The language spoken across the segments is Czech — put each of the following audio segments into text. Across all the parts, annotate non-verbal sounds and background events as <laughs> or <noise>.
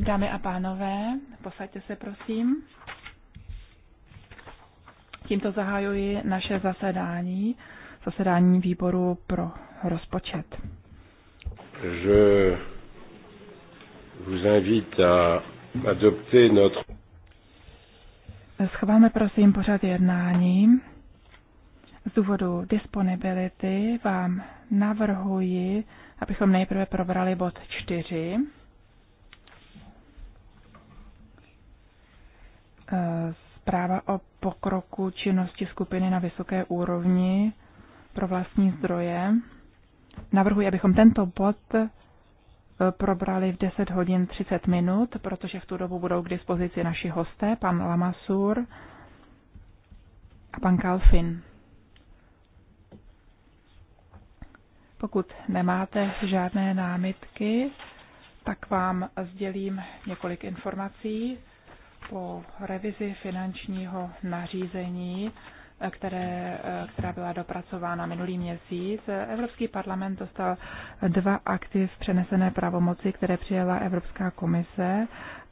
Dámy a pánové, posaďte se prosím. Tímto zahajuji naše zasedání, zasedání výboru pro rozpočet. Je vous invite à adopter notre... Schválme prosím pořad jednání. Z důvodu disponibility vám navrhuji, abychom nejprve probrali bod 4. Eh, zpráva o pokroku činnosti skupiny na vysoké úrovni pro vlastní zdroje. Navrhuji, abychom tento bod eh, probrali v 10 hodin 30 minut, protože v tu dobu budou k dispozici naši hosté, pan Lamasur a pan Kalfin. Pokud nemáte žádné námitky, tak vám sdělím několik informací po revizi finančního nařízení, které, která byla dopracována minulý měsíc. Evropský parlament dostal dva akty v přenesené pravomoci, které přijela Evropská komise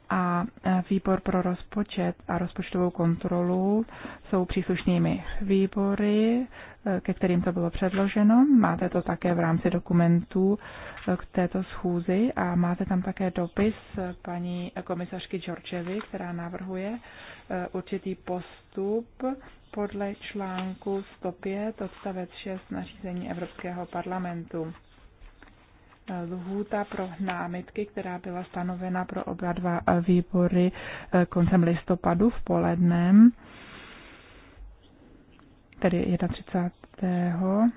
a e, výbor pro rozpočet a rozpočtovou kontrolu jsou příslušnými výbory, e, ke kterým to bylo předloženo. Máte to také v rámci dokumentů e, k této schůzi a máte tam také dopis paní komisařky Georgevy, která navrhuje určitý postup podle článku 105 odstavec 6 nařízení Evropského parlamentu lhůta pro námitky, která byla stanovena pro oba dva výbory eh, koncem listopadu v polednem, tedy 31.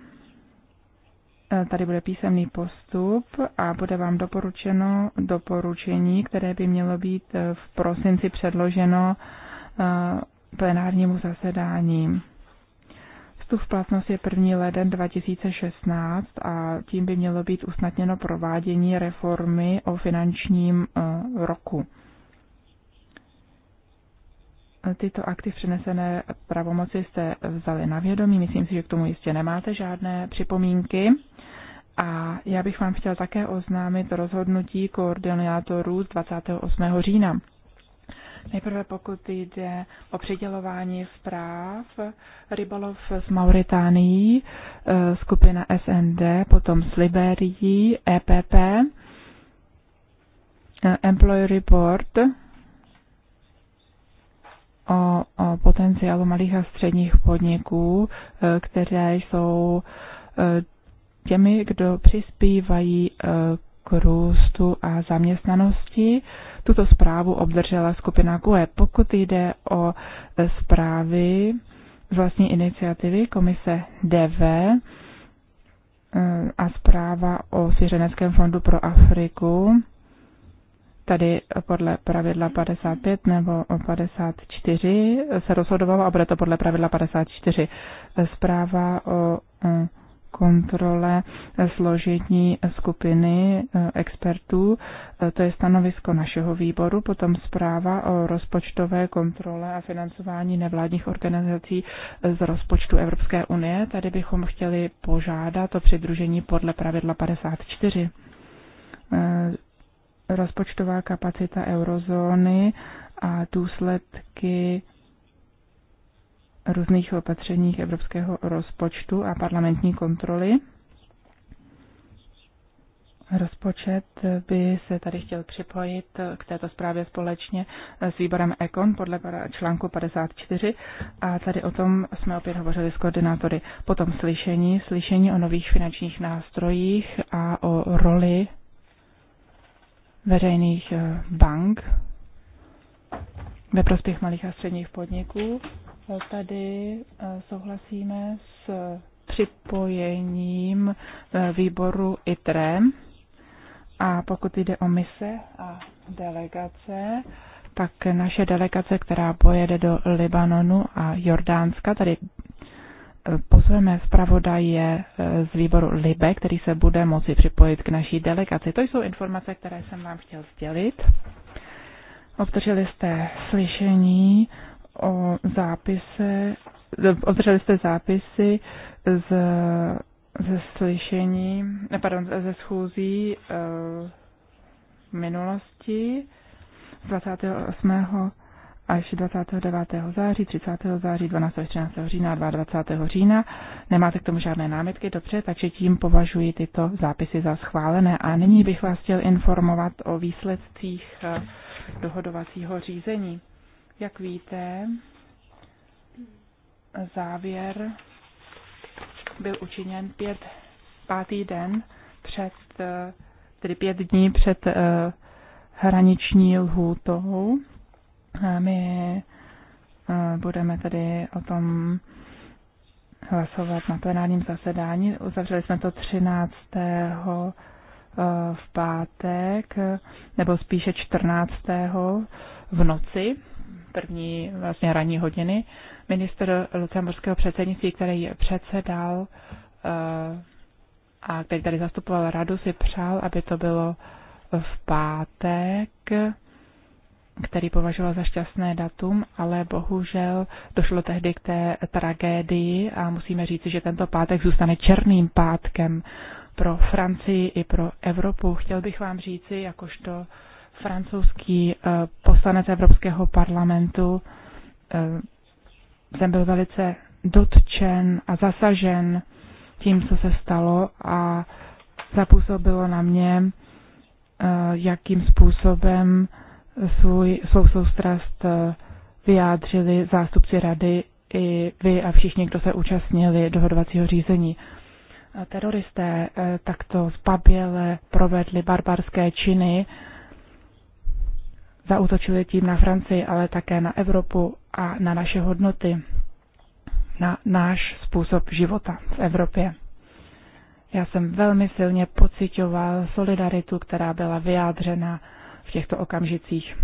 Eh, tady bude písemný postup a bude vám doporučeno doporučení, které by mělo být eh, v prosinci předloženo plenárnímu zasedání. Vstup v platnost je 1. leden 2016 a tím by mělo být usnadněno provádění reformy o finančním eh, roku. Tyto akty přenesené pravomoci jste vzali na vědomí. Myslím si, že k tomu jistě nemáte žádné připomínky. A já bych vám chtěl také oznámit rozhodnutí koordinátorů z 28. října. Nejprve pokud jde o přidělování zpráv, rybolov z Mauritánií, e, skupina SND, potom z Liberii, EPP, e, Employee Report o, o potenciálu malých a středních podniků, e, které jsou těmi, kdo přispívají k růstu a zaměstnanosti. Tuto zprávu obdržela skupina GUE. Pokud jde o e, zprávy z vlastní iniciativy komise DV e, a zpráva o Svěřeneckém fondu pro Afriku, tady podle pravidla 55 nebo 54 se rozhodovalo a bude to podle pravidla 54. Zpráva o e, kontrole složení skupiny eh, expertů. Eh, to je stanovisko našeho výboru, potom zpráva o rozpočtové kontrole a financování nevládních organizací eh, z rozpočtu Evropské unie. Tady bychom chtěli požádat o přidružení podle pravidla 54. Rozpočtová kapacita eurozóny a důsledky různých opatřeních evropského rozpočtu a parlamentní kontroly. Rozpočet by se tady chtěl připojit k této zprávě společně s výborem Econ podle článku 54 a tady o tom jsme opět hovořili s koordinátory. Potom slyšení, slyšení o nových finančních nástrojích a o roli veřejných bank ve prospěch malých a středních podniků tady eh, souhlasíme s připojením eh, výboru ITRE. A pokud jde o mise a delegace, tak naše delegace, která pojede do Libanonu a Jordánska, tady eh, pozveme zpravodaje z výboru LIBE, který se bude moci připojit k naší delegaci. To jsou informace, které jsem vám chtěl sdělit. Obdrželi jste slyšení o zápise, obdrželi jste zápisy z, ze slyšení, pardon, ze schůzí eh, v minulosti 28 až 29. září, 30. září, 12. až 13. října 22. října. Nemáte k tomu žádné námitky, dobře, takže tím považuji tyto zápisy za schválené. A nyní bych vás chtěl informovat o výsledcích eh, dohodovacího řízení. Jak víte, závěr byl učiněn pět, pátý den před, tedy pět dní před eh, hraniční lhůtou. My eh, budeme tedy o tom hlasovat na plenárním zasedání. Uzavřeli jsme to 13. Eh, v pátek, nebo spíše 14. v noci první vlastně ranní hodiny. Minister lucemburského předsednictví, který předsedal eh, a který tady zastupoval radu, si přál, aby to bylo v pátek, který považoval za šťastné datum, ale bohužel došlo tehdy k té tragédii a musíme říci, že tento pátek zůstane černým pátkem pro Francii i pro Evropu. Chtěl bych vám říci, jakožto francouzský eh, poslanec Evropského parlamentu, jsem eh, byl velice dotčen a zasažen tím, co se stalo a zapůsobilo na mě, eh, jakým způsobem svůj, svou soustrast vyjádřili zástupci rady i vy a všichni, kdo se účastnili dohodovacího řízení. Teroristé takto zbaběle provedli barbarské činy zautočili tím na Francii, ale také na Evropu a na naše hodnoty, na náš způsob života v Evropě. Já jsem velmi silně pocitoval solidaritu, která byla vyjádřena v těchto okamžicích.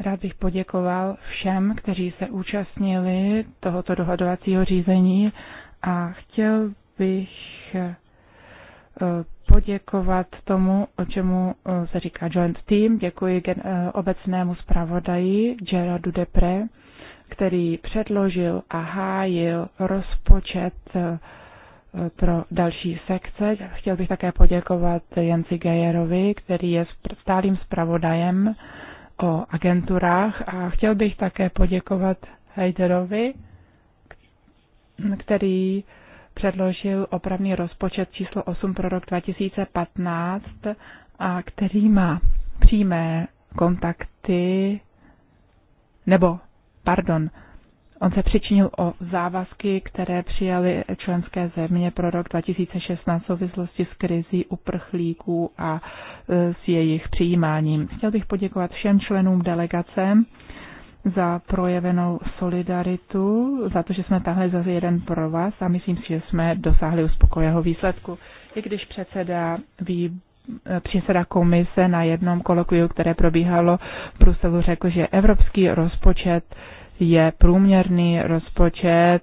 Rád bych poděkoval všem, kteří se účastnili tohoto dohodovacího řízení a chtěl bych poděkovat tomu, o čemu e, se říká joint team. Děkuji e, obecnému zpravodaji Gerardu Depre, který předložil a hájil rozpočet e, pro další sekce. Chtěl bych také poděkovat Janci Gejerovi, který je stálým zpravodajem o agenturách a chtěl bych také poděkovat Heiderovi, který předložil opravný rozpočet číslo 8 pro rok 2015, a který má přímé kontakty, nebo, pardon, on se přičinil o závazky, které přijaly členské země pro rok 2016 v souvislosti s krizí uprchlíků a e, s jejich přijímáním. Chtěl bych poděkovat všem členům delegace za projevenou solidaritu, za to, že jsme tahle za jeden pro vás a myslím si, že jsme dosáhli uspokojivého výsledku. I když předseda ví, předseda komise na jednom kolokviu, které probíhalo v Bruselu, řekl, že evropský rozpočet je průměrný rozpočet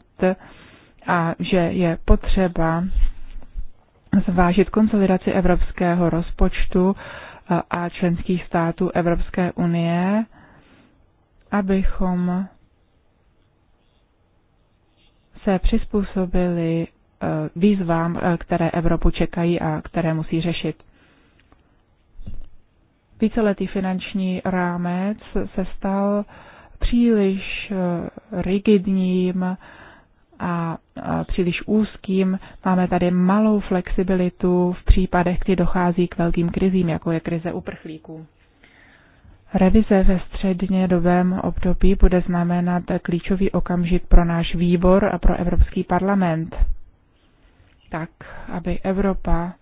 a že je potřeba zvážit konsolidaci evropského rozpočtu a členských států Evropské unie abychom se přizpůsobili eh, výzvám, eh, které Evropu čekají a které musí řešit. Víceletý finanční rámec se stal příliš eh, rigidním a příliš úzkým. Máme tady malou flexibilitu v případech, kdy dochází k velkým krizím, jako je krize uprchlíků. Revize ve střednědobém období bude znamenat klíčový okamžik pro náš výbor a pro Evropský parlament. Tak, aby Evropa,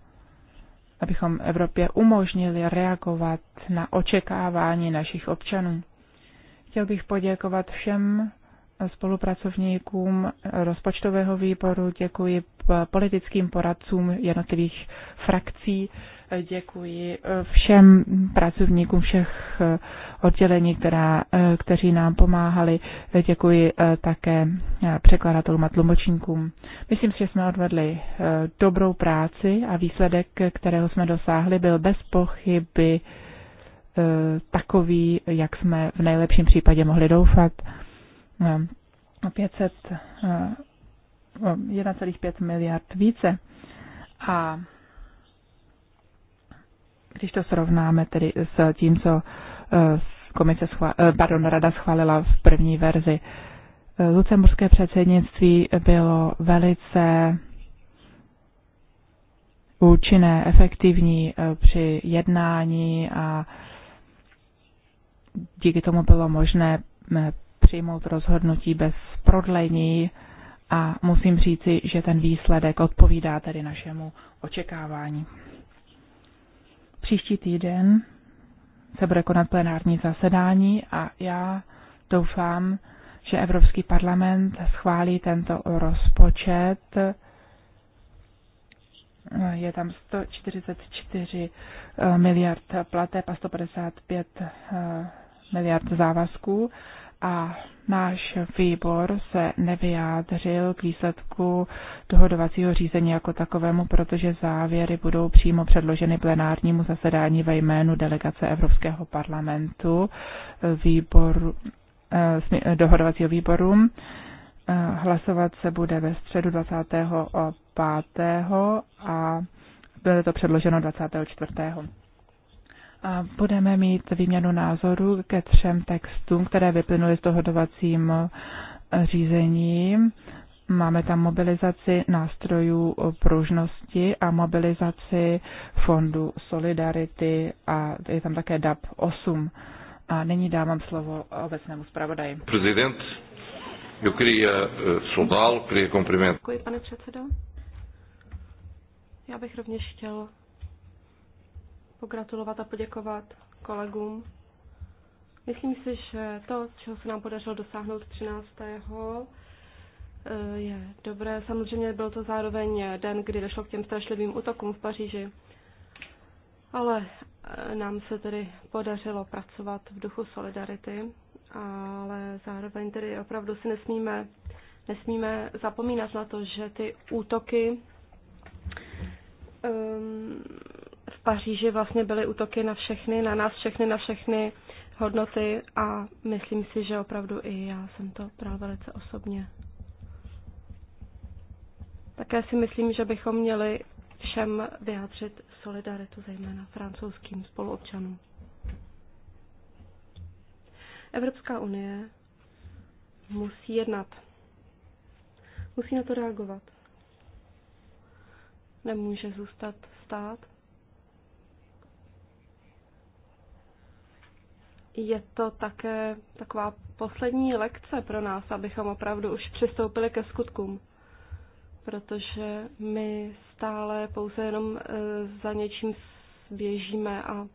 abychom Evropě umožnili reagovat na očekávání našich občanů. Chtěl bych poděkovat všem spolupracovníkům rozpočtového výboru, děkuji politickým poradcům jednotlivých frakcí, Děkuji všem pracovníkům všech eh, oddělení, která, eh, kteří nám pomáhali. Děkuji eh, také překladatelům a tlumočníkům. Myslím si, že jsme odvedli dobrou práci a výsledek, kterého jsme dosáhli, byl bez pochyby takový, jak jsme v nejlepším případě mohli doufat. 500, 1,5 miliard více. A když to srovnáme tedy s tím, co eh, komise schvál, eh, pardon, rada schválila v první verzi, eh, lucemburské předsednictví bylo velice účinné, efektivní při jednání a díky tomu bylo možné přijmout rozhodnutí bez prodlení a musím říci, že ten výsledek odpovídá tedy našemu očekávání. Příští týden se bude konat plenární zasedání a já doufám, že Evropský parlament schválí tento rozpočet. Je tam 144 eh, miliard plateb a 155 eh, miliard závazků a náš výbor se nevyjádřil k výsledku dohodovacího řízení jako takovému, protože závěry budou přímo předloženy plenárnímu zasedání ve jménu delegace Evropského parlamentu výboru, eh, dohodovacího výboru. Eh, hlasovat se bude ve středu 25. a bylo to předloženo 24 budeme mít výměnu názoru ke třem textům, které vyplynuly z dohodovacím eh, řízení. Máme tam mobilizaci nástrojů eh, pružnosti a mobilizaci fondu Solidarity a je tam také DAP 8. A nyní dávám slovo obecnému zpravodaji. Prezident, eu queria eh, saudá-lo, queria cumprimentar. Děkuji, pane předsedo. Já bych rovněž chtěl pogratulovat a poděkovat kolegům. Myslím si, že to, čeho se nám podařilo dosáhnout 13. Eh, je dobré. Samozřejmě byl to zároveň den, kdy došlo k těm strašlivým útokům v Paříži. Ale eh, nám se tedy podařilo pracovat v duchu solidarity, ale zároveň tedy opravdu si nesmíme, nesmíme zapomínat na to, že ty útoky um, Paříži vlastně byly útoky na všechny, na nás všechny, na všechny hodnoty a myslím si, že opravdu i já jsem to právě velice osobně. Také si myslím, že bychom měli všem vyjádřit solidaritu, zejména francouzským spoluobčanům. Evropská unie musí jednat. Musí na to reagovat. Nemůže zůstat stát je to také taková poslední lekce pro nás, abychom opravdu už přistoupili ke skutkům, protože my stále pouze jenom eh, za něčím běžíme a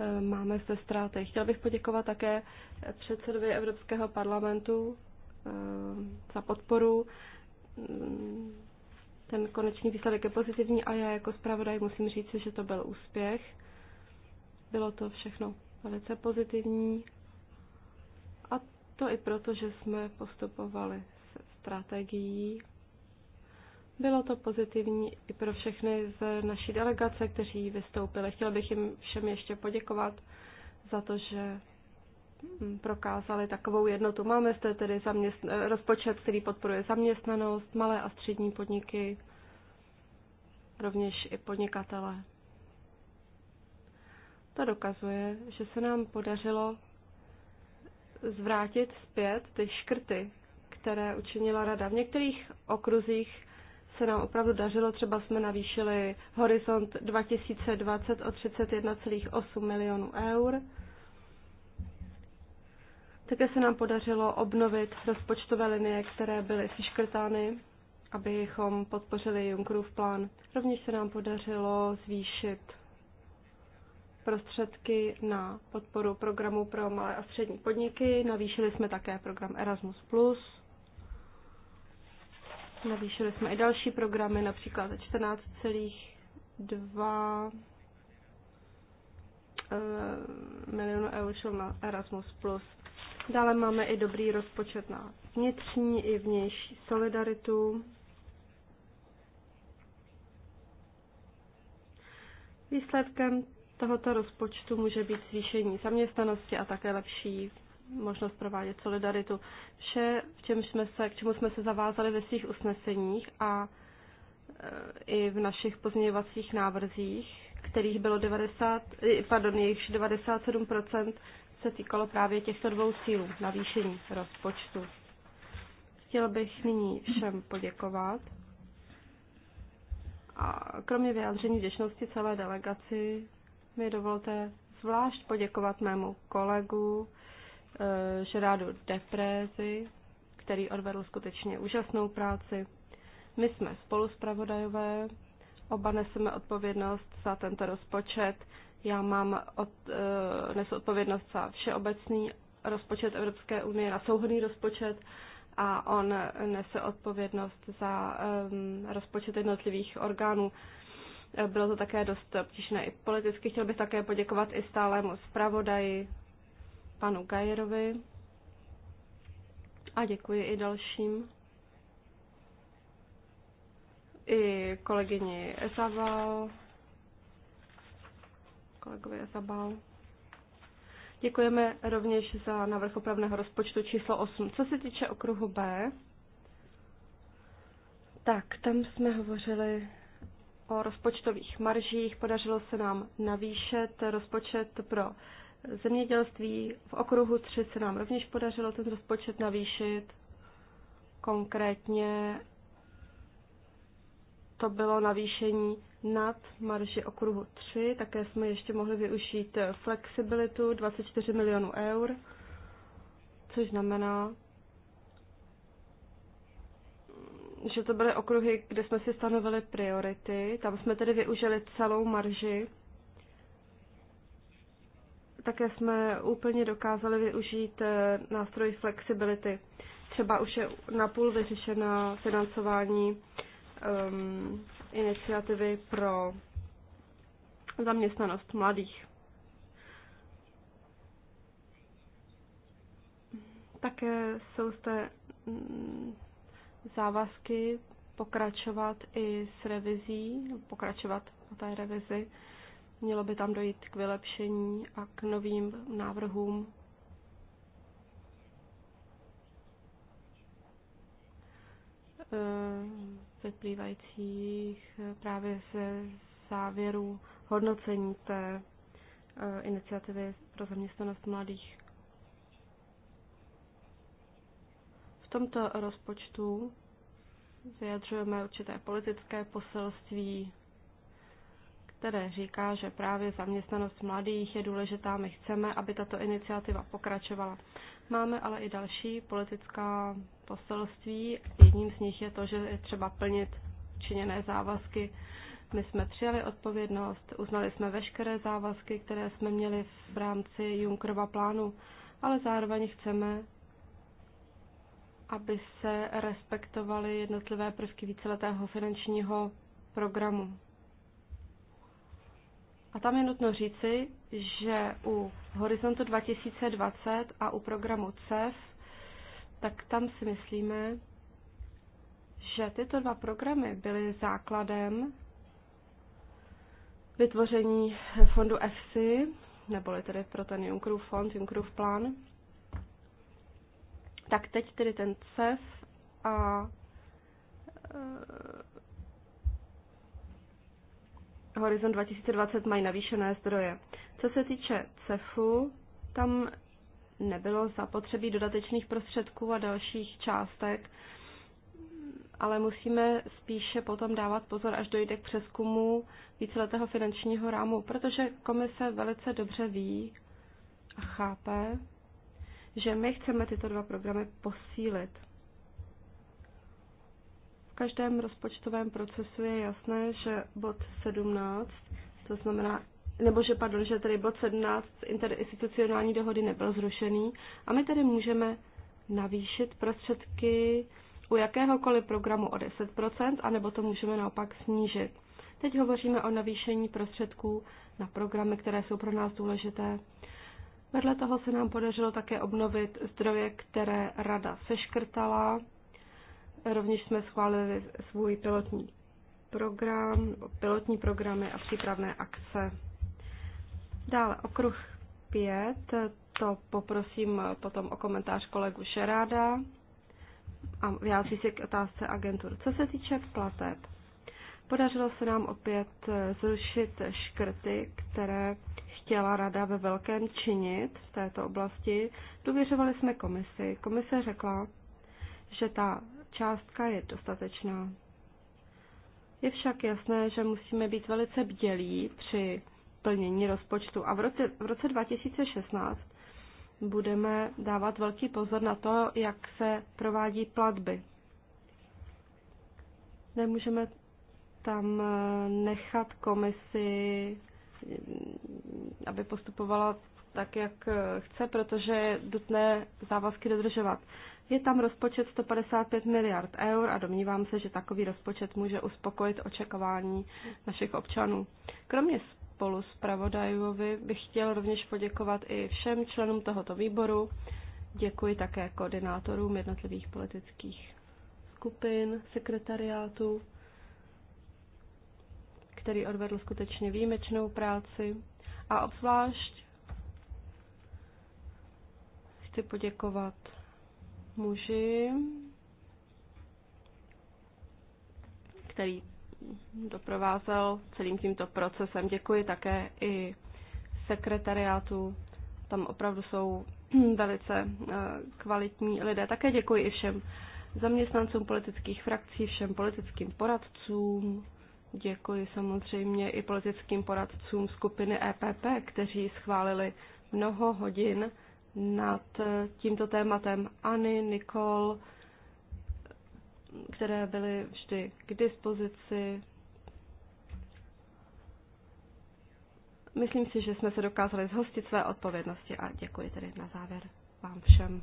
eh, máme zde ztráty. Chtěl bych poděkovat také předsedovi Evropského parlamentu eh, za podporu. Mm, ten konečný výsledek je pozitivní a já jako zpravodaj musím říct, že to byl úspěch. Bylo to všechno velice pozitivní. A to i proto, že jsme postupovali s strategií. Bylo to pozitivní i pro všechny z naší delegace, kteří vystoupili. Chtěla bych jim všem ještě poděkovat za to, že mm, prokázali takovou jednotu. Máme zde tedy zaměstn- rozpočet, který podporuje zaměstnanost, malé a střední podniky, rovněž i podnikatele. To dokazuje, že se nám podařilo zvrátit zpět ty škrty, které učinila rada. V některých okruzích se nám opravdu dařilo, třeba jsme navýšili horizont 2020 o 31,8 milionů eur. Také se nám podařilo obnovit rozpočtové linie, které byly seškrtány, abychom podpořili Junckerův plán. Rovněž se nám podařilo zvýšit prostředky na podporu programu pro malé a střední podniky. Navýšili jsme také program Erasmus+. Navýšili jsme i další programy, například 14,2 eh, milionů eur šel na Erasmus+. Dále máme i dobrý rozpočet na vnitřní i vnější solidaritu. Výsledkem tohoto rozpočtu může být zvýšení zaměstnanosti a také lepší možnost provádět solidaritu. Vše, v čem jsme se, k čemu jsme se zavázali ve svých usneseních a e, i v našich pozměňovacích návrzích, kterých bylo 90, e, pardon, 97% se týkalo právě těchto dvou cílů, navýšení rozpočtu. Chtěl bych nyní všem poděkovat. A kromě vyjádření děčnosti celé delegaci mi dovolte zvlášť poděkovat mému kolegu Žerádu eh, Deprézi, který odvedl skutečně úžasnou práci. My jsme spoluspravodajové, oba neseme odpovědnost za tento rozpočet. Já mám od, eh, nesu odpovědnost za všeobecný rozpočet Evropské unie, na souhodný rozpočet a on nese odpovědnost za um, rozpočet jednotlivých orgánů. Bylo to také dost obtížné i politicky. Chtěl bych také poděkovat i stálému zpravodaji, panu Gajerovi. A děkuji i dalším. I kolegyni Esabal. Kolegovi Esabal. Děkujeme rovněž za návrh opravného rozpočtu číslo 8. Co se týče okruhu B, tak tam jsme hovořili o rozpočtových maržích. Podařilo se nám navýšet rozpočet pro zemědělství. V okruhu 3 se nám rovněž podařilo ten rozpočet navýšit. Konkrétně to bylo navýšení nad marži okruhu 3. Také jsme ještě mohli využít flexibilitu 24 milionů eur, což znamená, že to byly okruhy, kde jsme si stanovili priority. Tam jsme tedy využili celou marži. Také jsme úplně dokázali využít eh, nástroj flexibility. Třeba už je napůl vyřešena financování um, iniciativy pro zaměstnanost mladých. Také jsou zde mm, závazky pokračovat i s revizí, pokračovat po té revizi. Mělo by tam dojít k vylepšení a k novým návrhům. Eh, vyplývajících eh, právě ze závěru hodnocení té eh, iniciativy pro zaměstnanost mladých. tomto rozpočtu vyjadřujeme určité politické poselství, které říká, že právě zaměstnanost mladých je důležitá. My chceme, aby tato iniciativa pokračovala. Máme ale i další politická poselství. Jedním z nich je to, že je třeba plnit činěné závazky. My jsme přijali odpovědnost, uznali jsme veškeré závazky, které jsme měli v rámci Junckerova plánu, ale zároveň chceme, aby se respektovaly jednotlivé prvky víceletého finančního programu. A tam je nutno říci, že u Horizontu 2020 a u programu CEF, tak tam si myslíme, že tyto dva programy byly základem vytvoření fondu EFSI, neboli tedy pro ten Junckerův fond, Junckerův plán, tak teď tedy ten CEF a eh, Horizon 2020 mají navýšené zdroje. Co se týče CEFu, tam nebylo zapotřebí dodatečných prostředků a dalších částek, ale musíme spíše potom dávat pozor, až dojde k přeskumu víceletého finančního rámu, protože komise velice dobře ví a chápe, že my chceme tyto dva programy posílit. V každém rozpočtovém procesu je jasné, že bod 17, to znamená, nebo že, pardon, že tedy bod 17 interinstitucionální dohody nebyl zrušený a my tedy můžeme navýšit prostředky u jakéhokoliv programu o 10%, anebo to můžeme naopak snížit. Teď hovoříme o navýšení prostředků na programy, které jsou pro nás důležité. Vedle toho se nám podařilo také obnovit zdroje, které rada seškrtala. Rovněž jsme schválili svůj pilotní program, pilotní programy a přípravné akce. Dále okruh 5, to poprosím potom o komentář kolegu Šeráda a vyjádří se k otázce agentur. Co se týče plateb, podařilo se nám opět zrušit škrty, které chtěla rada ve velkém činit v této oblasti. Důvěřovali jsme komisi. Komise řekla, že ta částka je dostatečná. Je však jasné, že musíme být velice bdělí při plnění rozpočtu a v roce, v roce 2016 budeme dávat velký pozor na to, jak se provádí platby. Nemůžeme tam eh, nechat komisi aby postupovala tak, jak eh, chce, protože je nutné závazky dodržovat. Je tam rozpočet 155 miliard eur a domnívám se, že takový rozpočet může uspokojit očekávání našich občanů. Kromě spolu s Pravodajovi bych chtěl rovněž poděkovat i všem členům tohoto výboru. Děkuji také koordinátorům jednotlivých politických skupin, sekretariátů který odvedl skutečně výjimečnou práci a obzvlášť chci poděkovat muži, který doprovázel celým tímto procesem. Děkuji také i sekretariátu. Tam opravdu jsou <clears throat> velice eh, kvalitní lidé. Také děkuji i všem zaměstnancům politických frakcí, všem politickým poradcům, Děkuji samozřejmě i politickým poradcům skupiny EPP, kteří schválili mnoho hodin nad tímto tématem Ani, Nikol, které byly vždy k dispozici. Myslím si, že jsme se dokázali zhostit své odpovědnosti a děkuji tedy na závěr vám všem.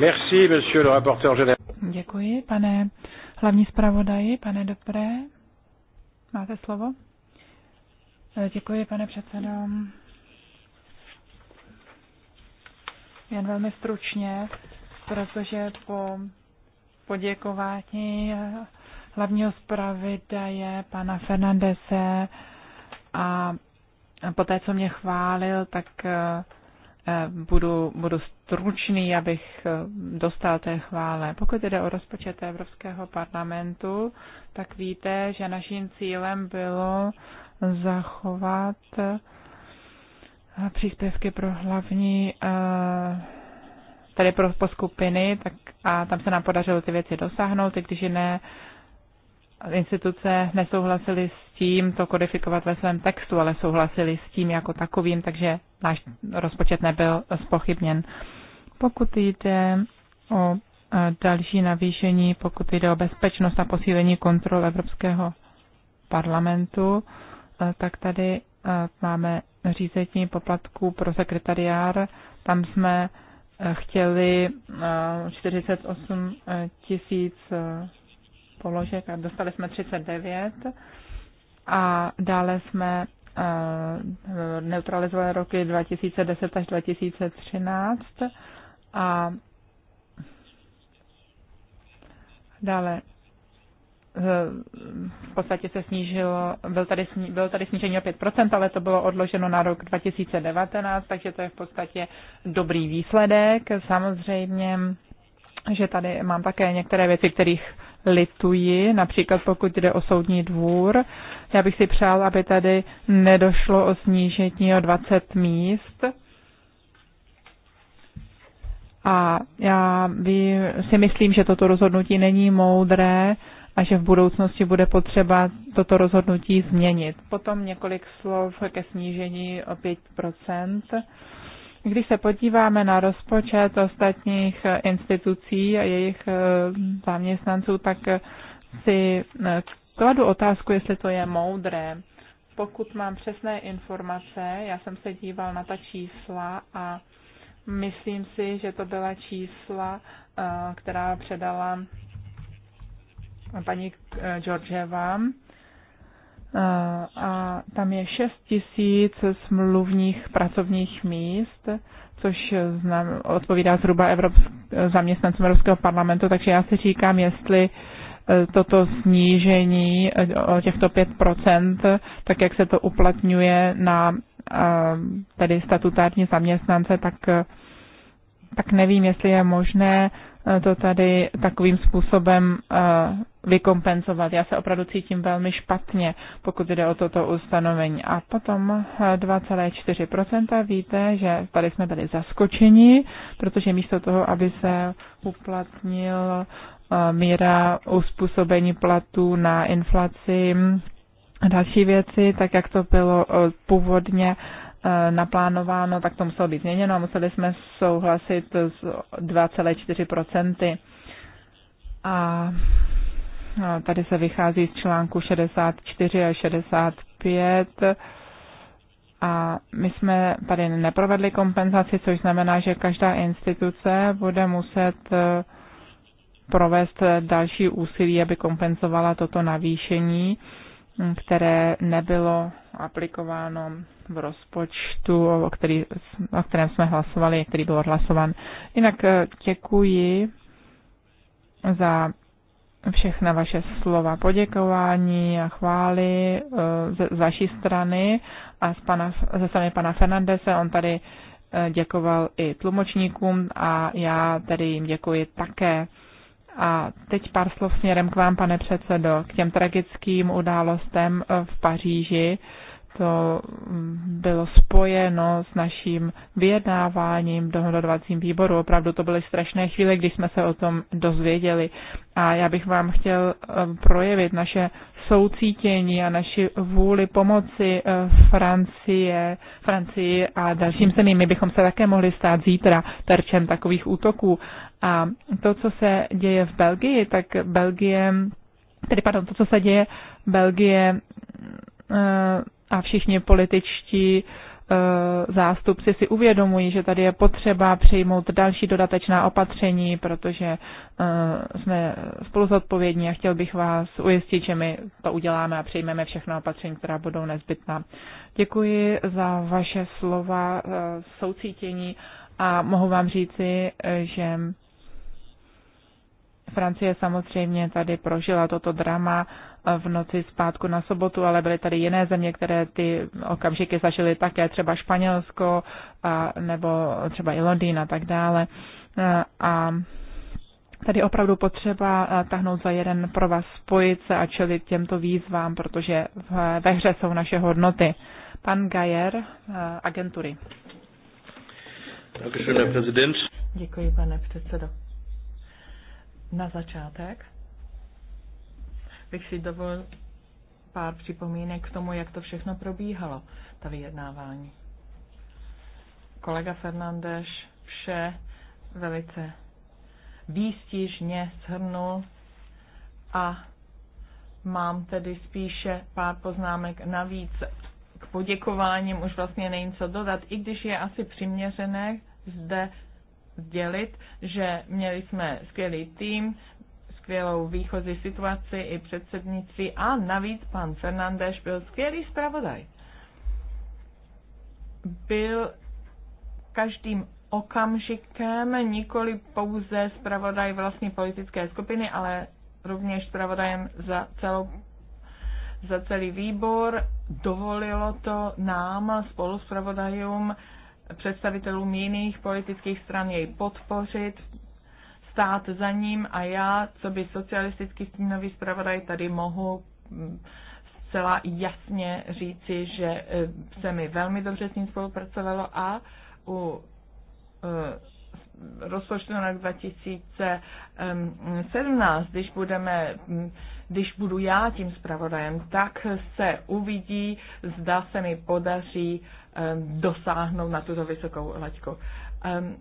Merci, monsieur le rapporteur général. Děkuji, pane hlavní zpravodaji, pane Dobré. Máte slovo? Eh, děkuji, pane předsedo. Jen velmi stručně, protože po poděkování eh, hlavního zpravodaje pana Fernandese a poté, co mě chválil, tak eh, budu, budu stručný, abych eh, dostal té chvále. Pokud jde o rozpočet Evropského parlamentu, tak víte, že naším cílem bylo zachovat eh, příspěvky pro hlavní eh, tady pro, pro skupiny, tak a tam se nám podařilo ty věci dosáhnout, i když jiné instituce nesouhlasily s tím to kodifikovat ve svém textu, ale souhlasili s tím jako takovým, takže náš rozpočet nebyl spochybněn. Pokud jde o e, další navýšení, pokud jde o bezpečnost a posílení kontrol Evropského parlamentu, e, tak tady e, máme řízení poplatků pro sekretariár. Tam jsme chtěli 48 tisíc položek a dostali jsme 39. A dále jsme neutralizovali roky 2010 až 2013 a dále eh, v podstatě se snížilo, byl tady, byl tady snížení o 5%, ale to bylo odloženo na rok 2019, takže to je v podstatě dobrý výsledek. Samozřejmě, že tady mám také některé věci, kterých lituji, například pokud jde o soudní dvůr. Já bych si přál, aby tady nedošlo o snížení o 20 míst, a já si myslím, že toto rozhodnutí není moudré a že v budoucnosti bude potřeba toto rozhodnutí změnit. Potom několik slov ke snížení o 5 když se podíváme na rozpočet ostatních institucí a jejich eh, zaměstnanců, tak si eh, kladu otázku, jestli to je moudré. Pokud mám přesné informace, já jsem se díval na ta čísla a Myslím si, že to byla čísla, eh, která předala paní eh, Georgieva. Eh, a tam je 6 tisíc smluvních pracovních míst, což odpovídá zhruba Evropsk, zaměstnancům Evropského parlamentu, takže já si říkám, jestli toto snížení o těchto 5%, tak jak se to uplatňuje na tedy statutární zaměstnance, tak, tak nevím, jestli je možné eh, to tady takovým způsobem eh, vykompenzovat. Já se opravdu cítím velmi špatně, pokud jde o toto ustanovení. A potom 2,4%. Eh, Víte, že tady jsme byli zaskočeni, protože místo toho, aby se uplatnil míra uspůsobení platů na inflaci, další věci, tak jak to bylo eh, původně eh, naplánováno, tak to muselo být změněno a museli jsme souhlasit s 2,4%. A tady se vychází z článku 64 a 65 a my jsme tady neprovedli kompenzaci, což znamená, že každá instituce bude muset eh, provést další úsilí, aby kompenzovala toto navýšení Mm, které nebylo aplikováno v rozpočtu, o, který, o kterém jsme hlasovali, který byl odhlasován. Jinak eh, děkuji za všechna vaše slova poděkování a chvály eh, z vaší strany a z pana, ze strany pana Fernandese. On tady eh, děkoval i tlumočníkům a já tedy jim děkuji také. A teď pár slov směrem k vám, pane předsedo, k těm tragickým událostem v Paříži. To mm, bylo spojeno s naším vyjednáváním v dohodovacím výboru. Opravdu to byly strašné chvíle, když jsme se o tom dozvěděli. A já bych vám chtěl eh, projevit naše soucítění a naši vůli pomoci eh, Francie, Francii a dalším zemím. My bychom se také mohli stát zítra terčem takových útoků a to, co se děje v Belgii, tak Belgie, tedy pardon, to, co se děje v Belgie eh, a všichni političtí eh, zástupci si uvědomují, že tady je potřeba přijmout další dodatečná opatření, protože eh, jsme spolu zodpovědní a chtěl bych vás ujistit, že my to uděláme a přijmeme všechno opatření, která budou nezbytná. Děkuji za vaše slova soucítění a mohu vám říci, že Francie samozřejmě tady prožila toto drama eh, v noci zpátku na sobotu, ale byly tady jiné země, které ty okamžiky zažily také, třeba Španělsko a, nebo třeba i Londýn a tak dále. Eh, a tady opravdu potřeba eh, tahnout za jeden pro vás spojit se a čelit těmto výzvám, protože ve hře jsou naše hodnoty. Pan Gajer, agentury. Děkuji, pane předsedo. Na začátek bych si dovolil pár připomínek k tomu, jak to všechno probíhalo, ta vyjednávání. Kolega Fernandeš vše velice výstižně shrnul a mám tedy spíše pár poznámek navíc k poděkováním už vlastně není co dodat, i když je asi přiměřené zde sdělit, že měli jsme skvělý tým, skvělou výchozí situaci i předsednictví a navíc pan Fernandeš byl skvělý zpravodaj. Byl každým okamžikem nikoli pouze zpravodaj vlastní politické skupiny, ale rovněž zpravodajem za, celou, za celý výbor. Dovolilo to nám, spolu zpravodajům, představitelům jiných politických stran jej podpořit, stát za ním a já, co by socialistický stínový zpravodaj, tady mohu mm, zcela jasně říci, že e, se mi velmi dobře s ním spolupracovalo a u e, rozpočtu na 2017, mm, když budeme mm, když budu já tím zpravodajem, tak se uvidí, zda se mi podaří ehm, dosáhnout na tuto vysokou laťku. Ehm,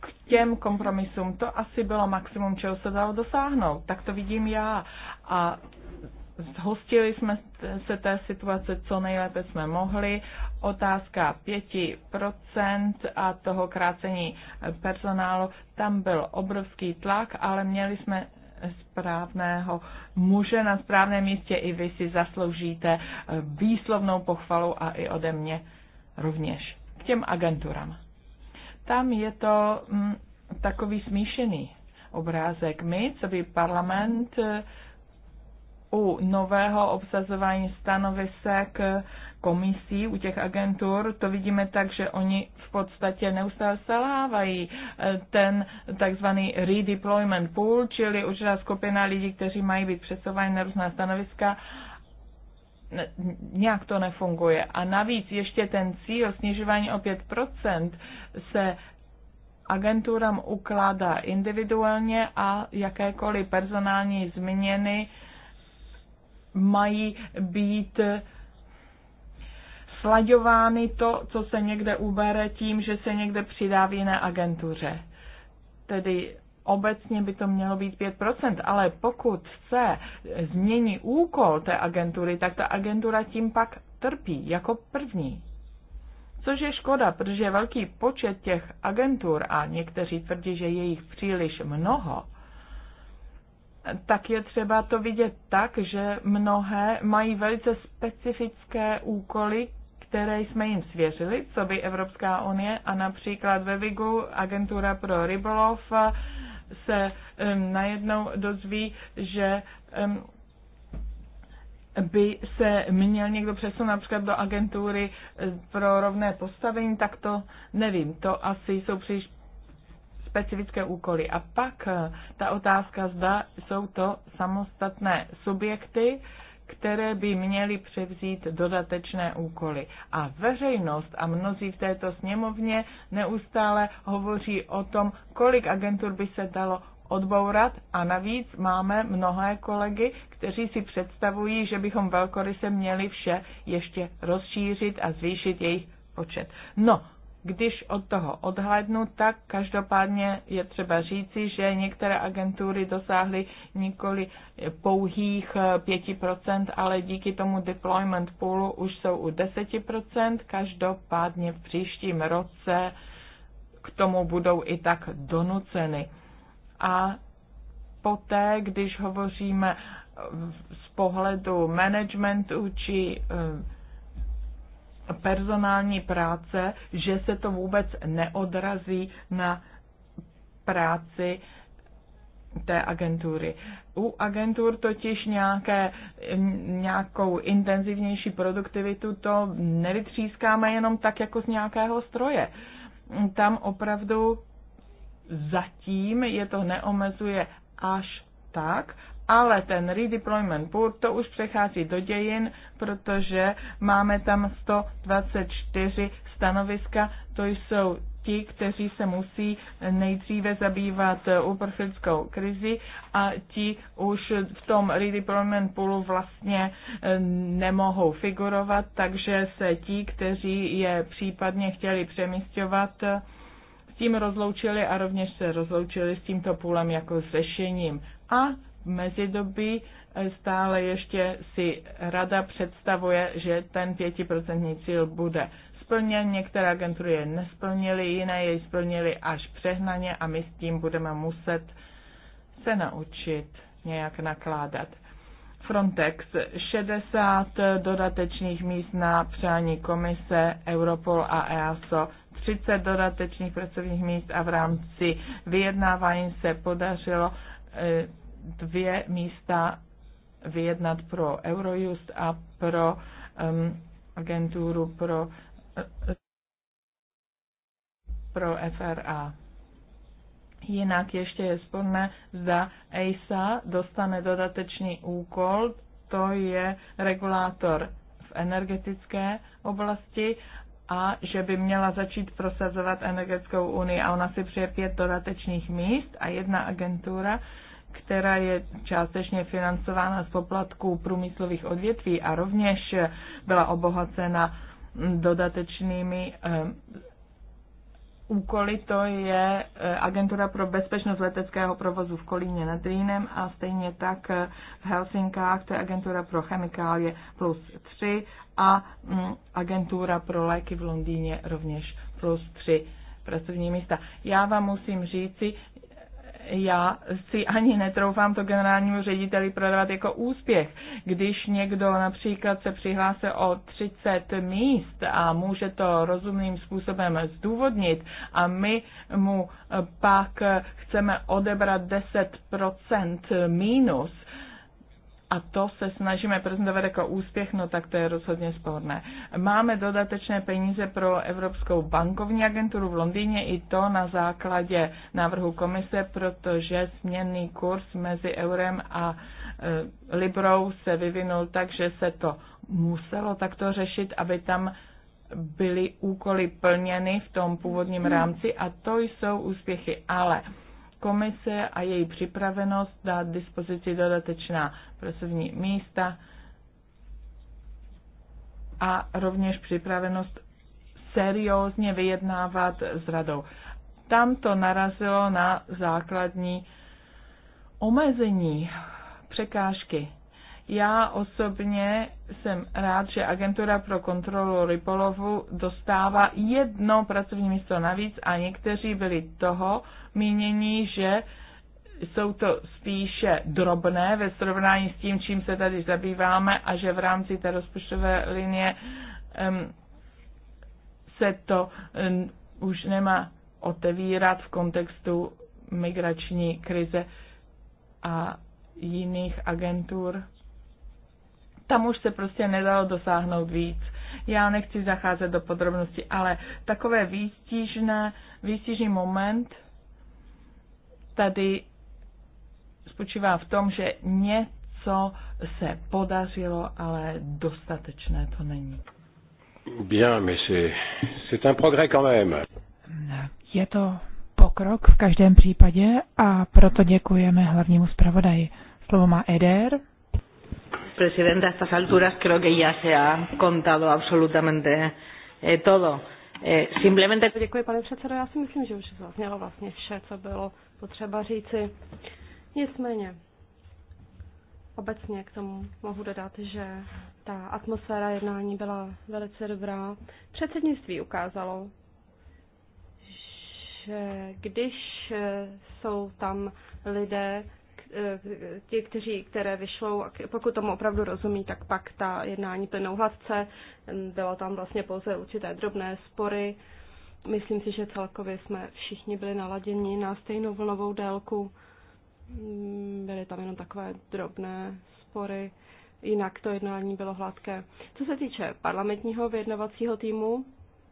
k těm kompromisům to asi bylo maximum, čeho se dalo dosáhnout. Tak to vidím já. A zhostili jsme se té situace, co nejlépe jsme mohli. Otázka 5% a toho krácení personálu, tam byl obrovský tlak, ale měli jsme správného muže na správném místě. I vy si zasloužíte eh, výslovnou pochvalu a i ode mě rovněž. K těm agenturám. Tam je to mm, takový smíšený obrázek. My, co by parlament eh, u nového obsazování stanovisek komisí, u těch agentur, to vidíme tak, že oni v podstatě neustále selhávají eh, ten takzvaný redeployment pool, čili určitá skupina lidí, kteří mají být přesouváni na různá stanoviska, nějak to nefunguje. A navíc ještě ten cíl snižování o 5% se agenturám ukládá individuálně a jakékoliv personální změny mají být slaďovány to, co se někde ubere tím, že se někde přidá v jiné agentuře. Tedy obecně by to mělo být 5%, ale pokud se změní úkol té agentury, tak ta agentura tím pak trpí jako první. Což je škoda, protože velký počet těch agentur, a někteří tvrdí, že je jich příliš mnoho, tak je třeba to vidět tak, že mnohé mají velice specifické úkoly, které jsme jim svěřili, co by Evropská unie a například ve Vigu agentura pro rybolov se um, najednou dozví, že um, by se měl někdo přesunout například do agentury eh, pro rovné postavení, tak to nevím. To asi jsou příliš specifické úkoly. A pak eh, ta otázka, zda jsou to samostatné subjekty, které by měly převzít dodatečné úkoly. A veřejnost a mnozí v této sněmovně neustále hovoří o tom, kolik agentur by se dalo odbourat a navíc máme mnohé kolegy, kteří si představují, že bychom velkoryse měli vše ještě rozšířit a zvýšit jejich počet. No, když od toho odhlednu, tak každopádně je třeba říci, že některé agentury dosáhly nikoli pouhých 5%, eh, ale díky tomu deployment poolu už jsou u 10%. Každopádně v příštím roce k tomu budou i tak donuceny. A poté, když hovoříme z pohledu managementu či eh, personální práce, že se to vůbec neodrazí na práci té agentury. U agentur totiž nějaké, nějakou intenzivnější produktivitu to nevytřískáme jenom tak jako z nějakého stroje. Tam opravdu zatím je to neomezuje až tak, ale ten redeployment board to už přechází do dějin, protože máme tam 124 stanoviska, to jsou ti, kteří se musí nejdříve zabývat uprchlickou krizi a ti už v tom redeployment poolu vlastně eh, nemohou figurovat, takže se ti, kteří je případně chtěli přemysťovat, s tím rozloučili a rovněž se rozloučili s tímto půlem jako s řešením. A mezidobí stále ještě si rada představuje, že ten pětiprocentní cíl bude splněn, některé agentury je nesplnily, jiné jej splnily až přehnaně a my s tím budeme muset se naučit nějak nakládat. Frontex 60 dodatečných míst na přání komise Europol a EASO 30 dodatečných pracovních míst a v rámci vyjednávání se podařilo eh, dvě místa vyjednat pro Eurojust a pro um, agenturu pro, pro FRA. Jinak ještě je sporné, zda EISA dostane dodatečný úkol, to je regulátor v energetické oblasti a že by měla začít prosazovat energetickou unii a ona si přeje pět dodatečných míst a jedna agentura, která je částečně financována z poplatků průmyslových odvětví a rovněž byla obohacena dodatečnými eh, úkoly, to je eh, Agentura pro bezpečnost leteckého provozu v Kolíně nad Rýnem a stejně tak eh, v Helsinkách, to je Agentura pro chemikálie plus 3 a mm, Agentura pro léky v Londýně rovněž plus 3 pracovní místa. Já vám musím říci, já si ani netroufám to generálnímu řediteli prodávat jako úspěch. Když někdo například se přihlásil o 30 míst a může to rozumným způsobem zdůvodnit a my mu pak chceme odebrat 10% mínus, a to se snažíme prezentovat jako úspěch, no tak to je rozhodně sporné. Máme dodatečné peníze pro Evropskou bankovní agenturu v Londýně i to na základě návrhu komise, protože směnný kurz mezi eurem a e, librou se vyvinul tak, že se to muselo takto řešit, aby tam byly úkoly plněny v tom původním rámci a to jsou úspěchy. Ale komise a její připravenost dát dispozici dodatečná pracovní místa a rovněž připravenost seriózně vyjednávat s radou. Tam to narazilo na základní omezení, překážky. Já osobně jsem rád, že Agentura pro kontrolu rybolovu dostává jedno pracovní místo navíc a někteří byli toho mínění, že jsou to spíše drobné ve srovnání s tím, čím se tady zabýváme a že v rámci té rozpočtové linie um, se to um, už nemá otevírat v kontextu migrační krize a jiných agentur tam už se prostě nedalo dosáhnout víc. Já nechci zacházet do podrobností, ale takové výstížné, výstížný moment tady spočívá v tom, že něco se podařilo, ale dostatečné to není. Bien, mais c'est un progrès quand même. Je to pokrok v každém případě a proto děkujeme hlavnímu zpravodaji. Slovo má Eder. Presidenta, a estas alturas creo que ya se ha contado absolutamente eh, todo. Eh, simplemente... Děkuji, pane předsedo. Já si myslím, že už zaznělo vlastně vše, co bylo potřeba říci. Nicméně, obecně k tomu mohu dodat, že ta atmosféra jednání byla velice dobrá. Předsednictví ukázalo, že když eh, jsou tam lidé Eh, ti, kteří, které vyšlou, pokud tomu opravdu rozumí, tak pak ta jednání plnou hladce. Hm, bylo tam vlastně pouze určité drobné spory. Myslím si, že celkově jsme všichni byli naladěni na stejnou vlnovou délku. Hm, byly tam jenom takové drobné spory. Jinak to jednání bylo hladké. Co se týče parlamentního vyjednovacího týmu,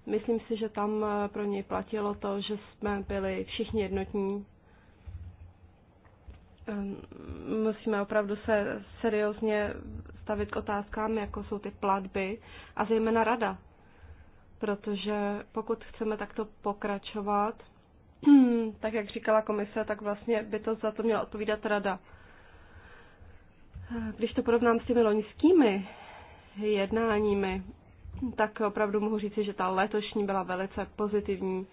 myslím si, že tam eh, pro něj platilo to, že jsme byli všichni jednotní musíme opravdu se seriózně stavit k otázkám, jako jsou ty platby a zejména rada. Protože pokud chceme takto pokračovat, <clears throat> tak jak říkala komise, tak vlastně by to za to měla odpovídat rada. Když to porovnám s těmi loňskými jednáními, tak opravdu mohu říci, že ta letošní byla velice pozitivní.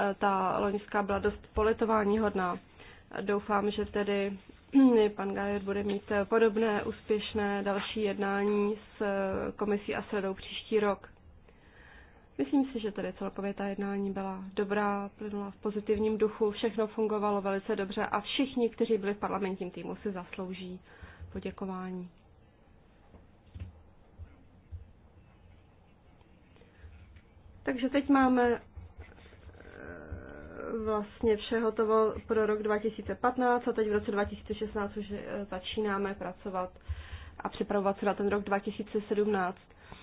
E, ta loňská byla dost politování hodná. Doufám, že tedy pan Gajer bude mít podobné úspěšné další jednání s komisí a sledou příští rok. Myslím si, že tady celkově ta jednání byla dobrá, plynula v pozitivním duchu, všechno fungovalo velice dobře a všichni, kteří byli v parlamentním týmu, si zaslouží poděkování. Takže teď máme vlastně všeho toho pro rok 2015 a teď v roce 2016 už e, začínáme pracovat a připravovat se na ten rok 2017.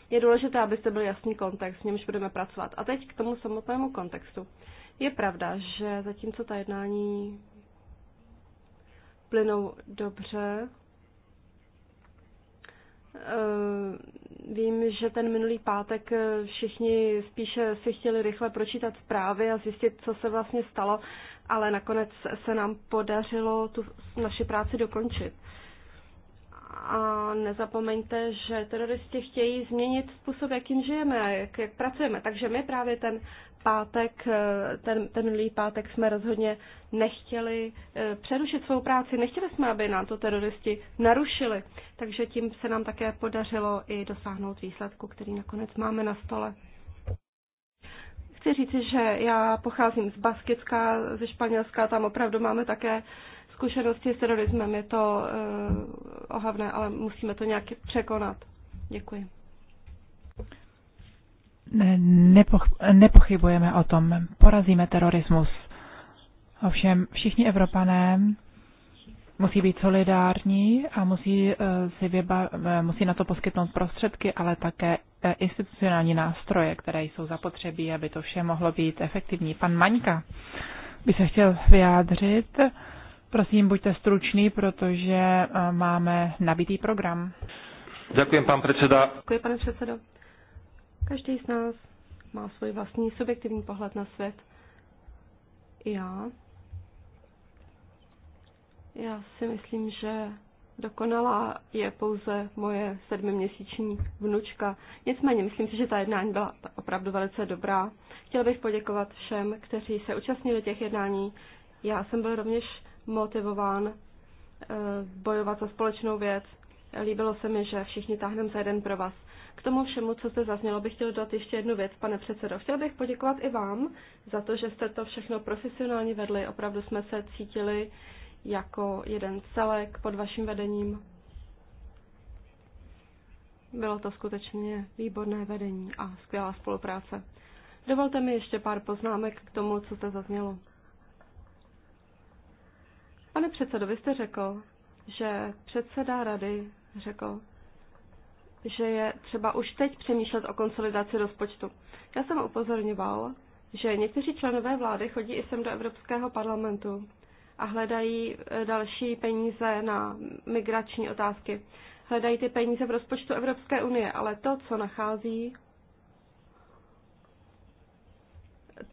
Je důležité, abyste byl jasný kontext, v němž budeme pracovat. A teď k tomu samotnému kontextu. Je pravda, že zatímco ta jednání plynou dobře, e, Vím, že ten minulý pátek eh, všichni spíše si chtěli rychle pročítat zprávy a zjistit, co se vlastně stalo, ale nakonec se nám podařilo tu naši práci dokončit. A nezapomeňte, že teroristi chtějí změnit způsob, jakým žijeme, jak, jak pracujeme. Takže my právě ten pátek, eh, ten, ten minulý pátek jsme rozhodně nechtěli eh, přerušit svou práci, nechtěli jsme, aby nám to teroristi narušili, takže tím se nám také podařilo i dosáhnout výsledku, který nakonec máme na stole. Chci říci, že já pocházím z Baskická, ze Španělska, tam opravdu máme také zkušenosti s terorismem, je to uh, ohavné, ale musíme to nějak překonat. Děkuji nepoch, nepochybujeme o tom, porazíme terorismus. Ovšem všichni Evropané musí být solidární a musí, eh, si vyba, eh, musí na to poskytnout prostředky, ale také eh, institucionální nástroje, které jsou zapotřebí, aby to vše mohlo být efektivní. Pan Maňka by se chtěl vyjádřit. Prosím, buďte stručný, protože máme nabitý program. Děkuji, pan předseda. Děkuji, pane předsedo. Každý z nás má svůj vlastní subjektivní pohled na svět. I já. Já si myslím, že dokonalá je pouze moje sedmiměsíční vnučka. Nicméně, myslím si, že ta jednání byla opravdu velice dobrá. Chtěla bych poděkovat všem, kteří se účastnili těch jednání. Já jsem byl rovněž motivován eh, bojovat za společnou věc. Líbilo se mi, že všichni táhneme za jeden pro vás. K tomu všemu, co zde zaznělo, bych chtěl dodat ještě jednu věc, pane předsedo. Chtěl bych poděkovat i vám za to, že jste to všechno profesionálně vedli. Opravdu jsme se cítili jako jeden celek pod vaším vedením. Bylo to skutečně výborné vedení a skvělá spolupráce. Dovolte mi ještě pár poznámek k tomu, co se zaznělo. Pane předsedo, vy jste řekl, že předseda rady řekl, že je třeba už teď přemýšlet o konsolidaci rozpočtu. Já jsem upozorňoval, že někteří členové vlády chodí i sem do Evropského parlamentu a hledají eh, další peníze na migrační otázky. Hledají ty peníze v rozpočtu Evropské unie, ale to, co nachází,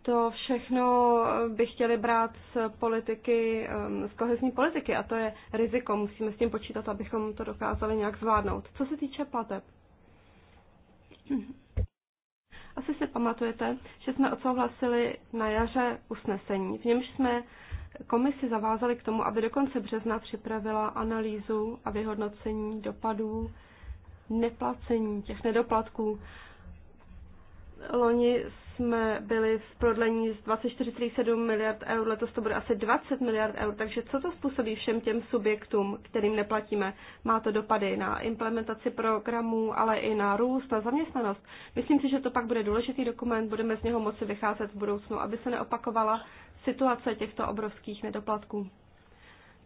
to všechno by chtěli brát z politiky, z kohezní politiky a to je riziko. Musíme s tím počítat, abychom to dokázali nějak zvládnout. Co se týče plateb, asi si pamatujete, že jsme odsouhlasili na jaře usnesení, v němž jsme komisi zavázali k tomu, aby do konce března připravila analýzu a vyhodnocení dopadů neplacení těch nedoplatků Loni jsme byli v prodlení z 24,7 miliard eur, letos to bude asi 20 miliard eur, takže co to způsobí všem těm subjektům, kterým neplatíme? Má to dopady na implementaci programů, ale i na růst, na zaměstnanost. Myslím si, že to pak bude důležitý dokument, budeme z něho moci vycházet v budoucnu, aby se neopakovala situace těchto obrovských nedoplatků.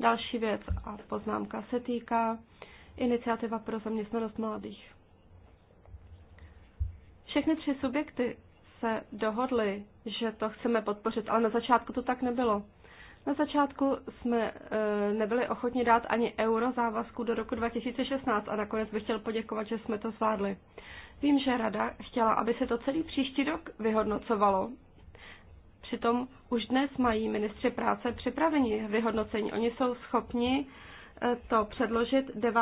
Další věc a poznámka se týká iniciativa pro zaměstnanost mladých. Všechny tři subjekty se dohodly, že to chceme podpořit, ale na začátku to tak nebylo. Na začátku jsme e, nebyli ochotni dát ani euro závazku do roku 2016 a nakonec bych chtěl poděkovat, že jsme to zvládli. Vím, že Rada chtěla, aby se to celý příští rok vyhodnocovalo. Přitom už dnes mají ministři práce připraveni vyhodnocení. Oni jsou schopni e, to předložit 9.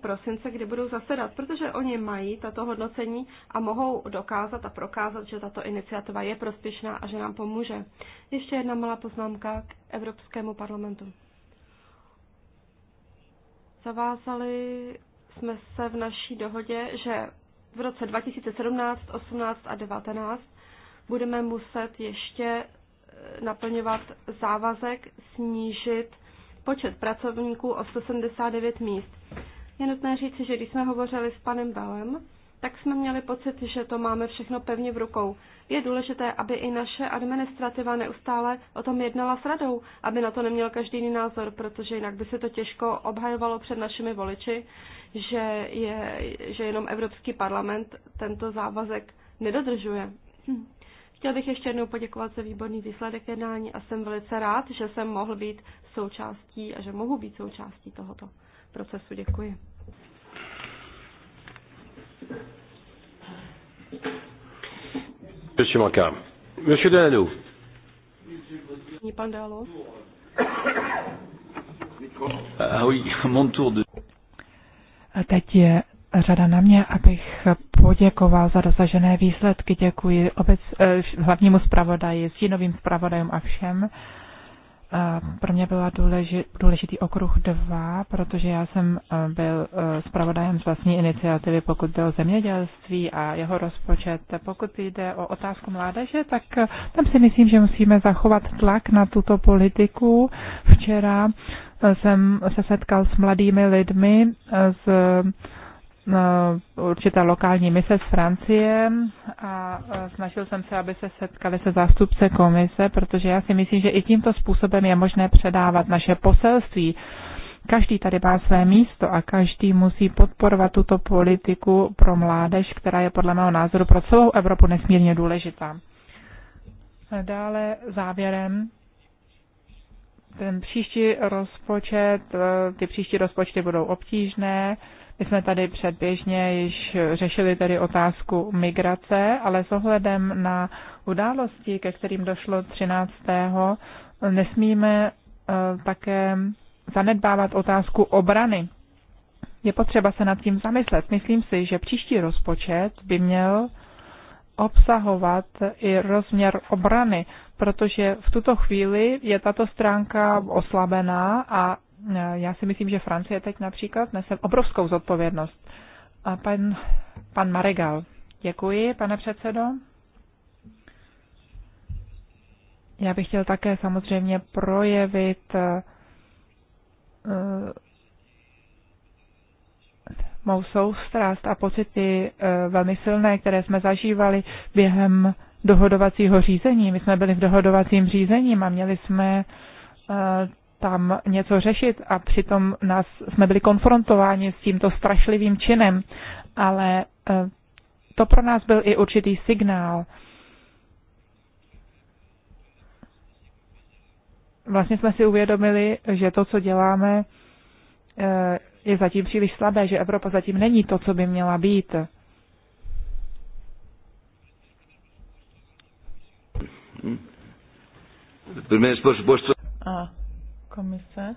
prosince, kdy budou zasedat, protože oni mají tato hodnocení a mohou dokázat a prokázat, že tato iniciativa je prospěšná a že nám pomůže. Ještě jedna malá poznámka k Evropskému parlamentu. Zavázali jsme se v naší dohodě, že v roce 2017, 18 a 19 budeme muset ještě naplňovat závazek snížit počet pracovníků o 179 míst. Je nutné říci, že když jsme hovořili s panem Belem, tak jsme měli pocit, že to máme všechno pevně v rukou. Je důležité, aby i naše administrativa neustále o tom jednala s radou, aby na to neměl každý jiný názor, protože jinak by se to těžko obhajovalo před našimi voliči, že, je, že jenom Evropský parlament tento závazek nedodržuje. Hm. Chtěl bych ještě jednou poděkovat za výborný výsledek jednání a jsem velice rád, že jsem mohl být součástí a že mohu být součástí tohoto procesu. Děkuji. Monsieur Manka. Monsieur Delano. Ah oui, mon tour de... A teď je řada na mě, abych poděkoval za dosažené výsledky. Děkuji obec, eh, hlavnímu zpravodaji, stínovým zpravodajům a všem. Eh, pro mě byla důležitý, důležitý okruh 2, protože já jsem eh, byl zpravodajem z vlastní iniciativy, pokud jde o zemědělství a jeho rozpočet. Pokud jde o otázku mládeže, tak tam si myslím, že musíme zachovat tlak na tuto politiku. Včera jsem se setkal s mladými lidmi z No, určitá lokální mise z Francie a e, snažil jsem se, aby se setkali se zástupce komise, protože já si myslím, že i tímto způsobem je možné předávat naše poselství. Každý tady má své místo a každý musí podporovat tuto politiku pro mládež, která je podle mého názoru pro celou Evropu nesmírně důležitá. Dále závěrem ten příští rozpočet, e, ty příští rozpočty budou obtížné, my jsme tady předběžně již řešili tady otázku migrace, ale s ohledem na události, ke kterým došlo 13. nesmíme eh, také zanedbávat otázku obrany. Je potřeba se nad tím zamyslet. Myslím si, že příští rozpočet by měl obsahovat i rozměr obrany, protože v tuto chvíli je tato stránka oslabená a Eh, já si myslím, že Francie teď například nese obrovskou zodpovědnost. A pan, pan Maregal. Děkuji, pane předsedo. Já bych chtěl také samozřejmě projevit uh, mou soustrast a pocity uh, velmi silné, které jsme zažívali během dohodovacího řízení. My jsme byli v dohodovacím řízení a měli jsme uh, tam něco řešit a přitom nás jsme byli konfrontováni s tímto strašlivým činem, ale eh, to pro nás byl i určitý signál. Vlastně jsme si uvědomili, že to, co děláme, eh, je zatím příliš slabé, že Evropa zatím není to, co by měla být. Hmm. Ah komise.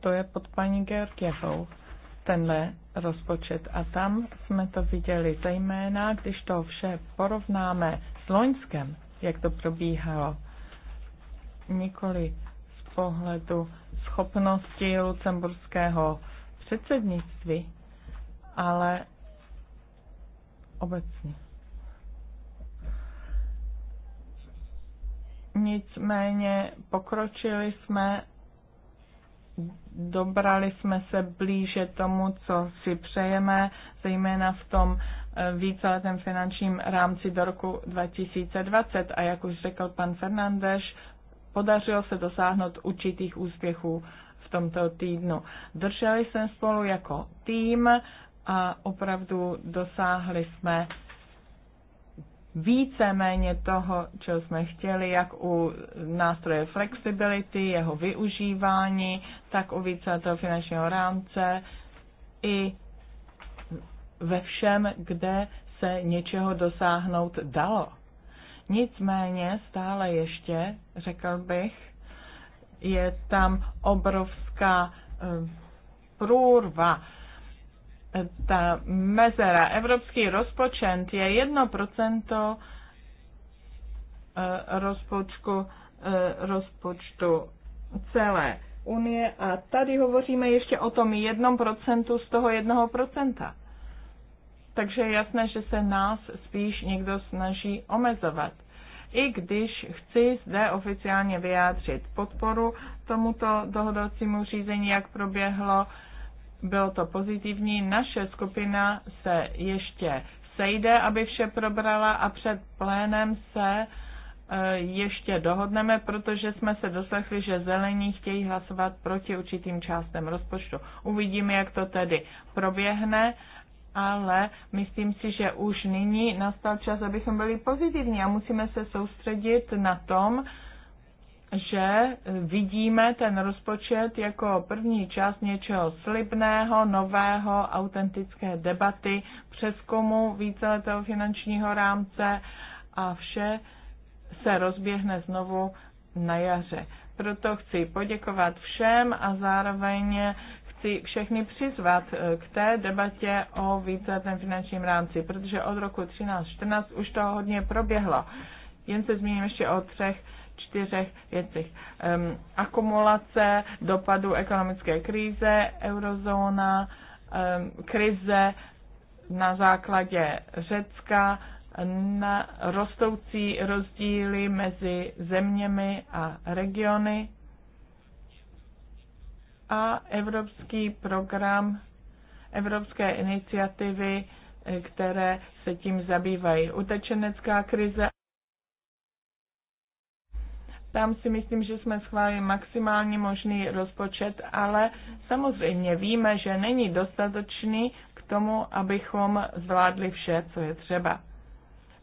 To je pod paní Georgievou, tenhle rozpočet. A tam jsme to viděli zejména, když to vše porovnáme s loňskem, jak to probíhalo. Nikoli z pohledu schopnosti lucemburského předsednictví, ale obecně Nicméně pokročili jsme, dobrali jsme se blíže tomu, co si přejeme, zejména v tom eh, víceletém finančním rámci do roku 2020. A jak už řekl pan Fernandeš, podařilo se dosáhnout určitých úspěchů v tomto týdnu. Drželi jsme spolu jako tým a opravdu dosáhli jsme víceméně toho, co jsme chtěli, jak u nástroje flexibility, jeho využívání, tak u více toho finančního rámce i ve všem, kde se něčeho dosáhnout dalo. Nicméně stále ještě, řekl bych, je tam obrovská eh, průrva ta mezera, evropský rozpočet je 1% eh, rozpočtu, eh, rozpočtu celé unie a tady hovoříme ještě o tom 1% z toho 1%. Takže je jasné, že se nás spíš někdo snaží omezovat. I když chci zde oficiálně vyjádřit podporu tomuto dohodovacímu řízení, jak proběhlo, bylo to pozitivní. Naše skupina se ještě sejde, aby vše probrala a před plénem se e, ještě dohodneme, protože jsme se doslechli, že zelení chtějí hlasovat proti určitým částem rozpočtu. Uvidíme, jak to tedy proběhne, ale myslím si, že už nyní nastal čas, abychom byli pozitivní a musíme se soustředit na tom, že vidíme ten rozpočet jako první část něčeho slibného, nového, autentické debaty, přeskumu víceletého finančního rámce a vše se rozběhne znovu na jaře. Proto chci poděkovat všem a zároveň chci všechny přizvat eh, k té debatě o víceletém finančním rámci, protože od roku 13-14 už to hodně proběhlo. Jen se zmíním ještě o třech čtyřech věcech. Um, akumulace dopadu ekonomické krize, eurozóna, um, krize na základě Řecka, na rostoucí rozdíly mezi zeměmi a regiony a evropský program evropské iniciativy, eh, které se tím zabývají. Utečenecká krize tam si myslím, že jsme schválili maximální možný rozpočet, ale samozřejmě víme, že není dostatečný k tomu, abychom zvládli vše, co je třeba.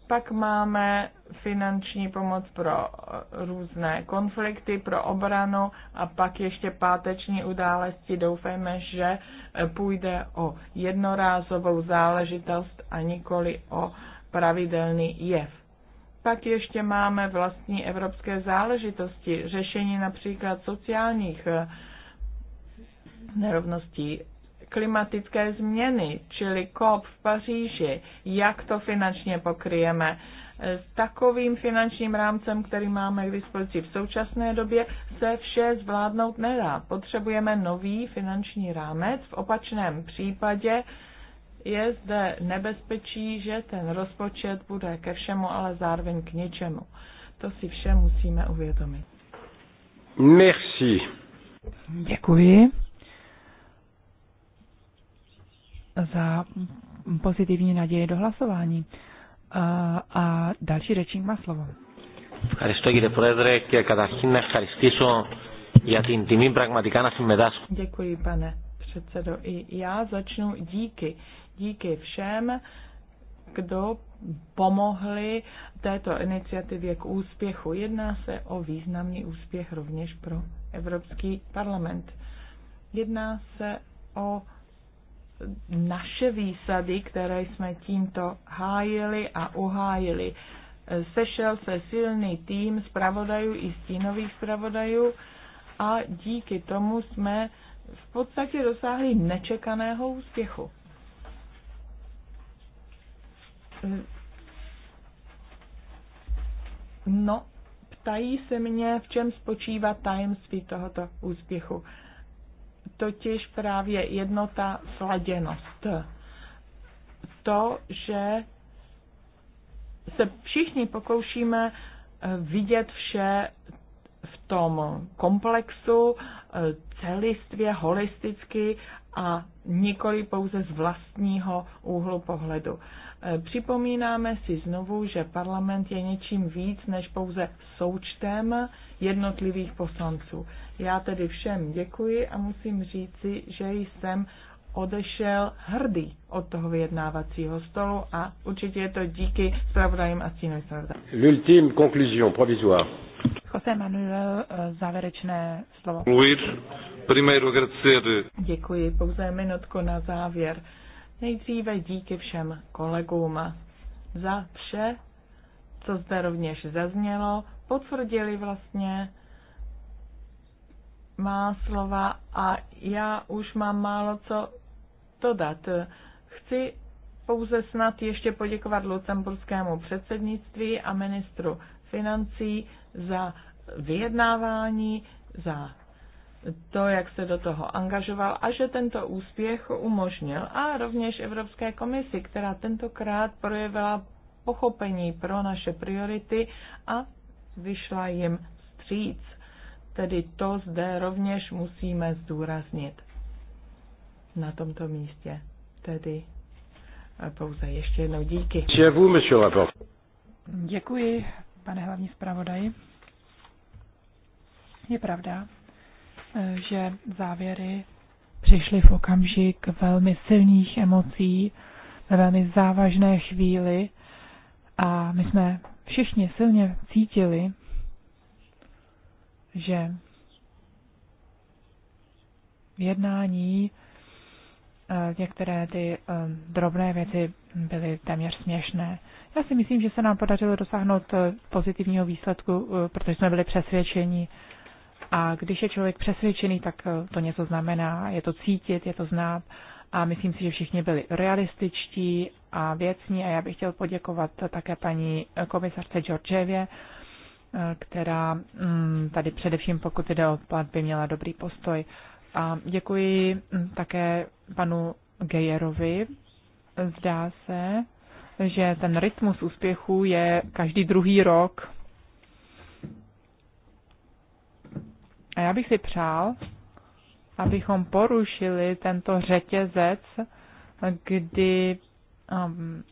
Pak máme finanční pomoc pro různé konflikty, pro obranu a pak ještě páteční události. Doufejme, že půjde o jednorázovou záležitost a nikoli o pravidelný jev pak ještě máme vlastní evropské záležitosti, řešení například sociálních eh, nerovností, klimatické změny, čili COP v Paříži, jak to finančně pokryjeme. Eh, s takovým finančním rámcem, který máme k dispozici v současné době, se vše zvládnout nedá. Potřebujeme nový finanční rámec, v opačném případě je zde nebezpečí, že ten rozpočet bude ke všemu, ale zároveň k něčemu. To si vše musíme uvědomit. Merci. Děkuji za pozitivní naděje do hlasování. A, a další řečník má slovo. Děkuji pane předsedo. I já začnu díky díky všem, kdo pomohli této iniciativě k úspěchu. Jedná se o významný úspěch rovněž pro Evropský parlament. Jedná se o naše výsady, které jsme tímto hájili a uhájili. Sešel se silný tým zpravodajů i stínových zpravodajů a díky tomu jsme v podstatě dosáhli nečekaného úspěchu. No, ptají se mě, v čem spočívá tajemství tohoto úspěchu. Totiž právě jednota, sladěnost. To, že se všichni pokoušíme eh, vidět vše v tom komplexu, eh, celistvě, holisticky a nikoli pouze z vlastního úhlu pohledu. Připomínáme si znovu, že parlament je něčím víc než pouze součtem jednotlivých poslanců. Já tedy všem děkuji a musím říci, že jsem odešel hrdý od toho vyjednávacího stolu a určitě je to díky zpravodajům a stínovým zpravodajům. L'ultime conclusion provisoire. José Manuel, eh, závěrečné slovo. Děkuji, pouze minutku na závěr. Nejdříve díky všem kolegům za vše, co zde rovněž zaznělo. Potvrdili vlastně má slova a já už mám málo co dodat. Chci pouze snad ještě poděkovat lucemburskému předsednictví a ministru financí za vyjednávání, za to, jak se do toho angažoval a že tento úspěch umožnil a rovněž Evropské komisi, která tentokrát projevila pochopení pro naše priority a vyšla jim vstříc. Tedy to zde rovněž musíme zdůraznit na tomto místě. Tedy pouze ještě jednou díky. Děkuji, pane hlavní zpravodaji. Je pravda, že závěry přišly v okamžik velmi silných emocí, ve velmi závažné chvíli a my jsme všichni silně cítili, že v jednání eh, některé ty eh, drobné věci byly téměř směšné. Já si myslím, že se nám podařilo dosáhnout eh, pozitivního výsledku, protože jsme byli přesvědčeni, a když je člověk přesvědčený, tak eh, to něco znamená, je to cítit, je to znát. A myslím si, že všichni byli realističtí a věcní. A já bych chtěl poděkovat také paní eh, komisařce Georgievě, eh, která mm, tady především, pokud jde o platby, měla dobrý postoj. A děkuji mm, také panu Gejerovi. Zdá se, že ten rytmus úspěchu je každý druhý rok A já bych si přál, abychom porušili tento řetězec, kdy um,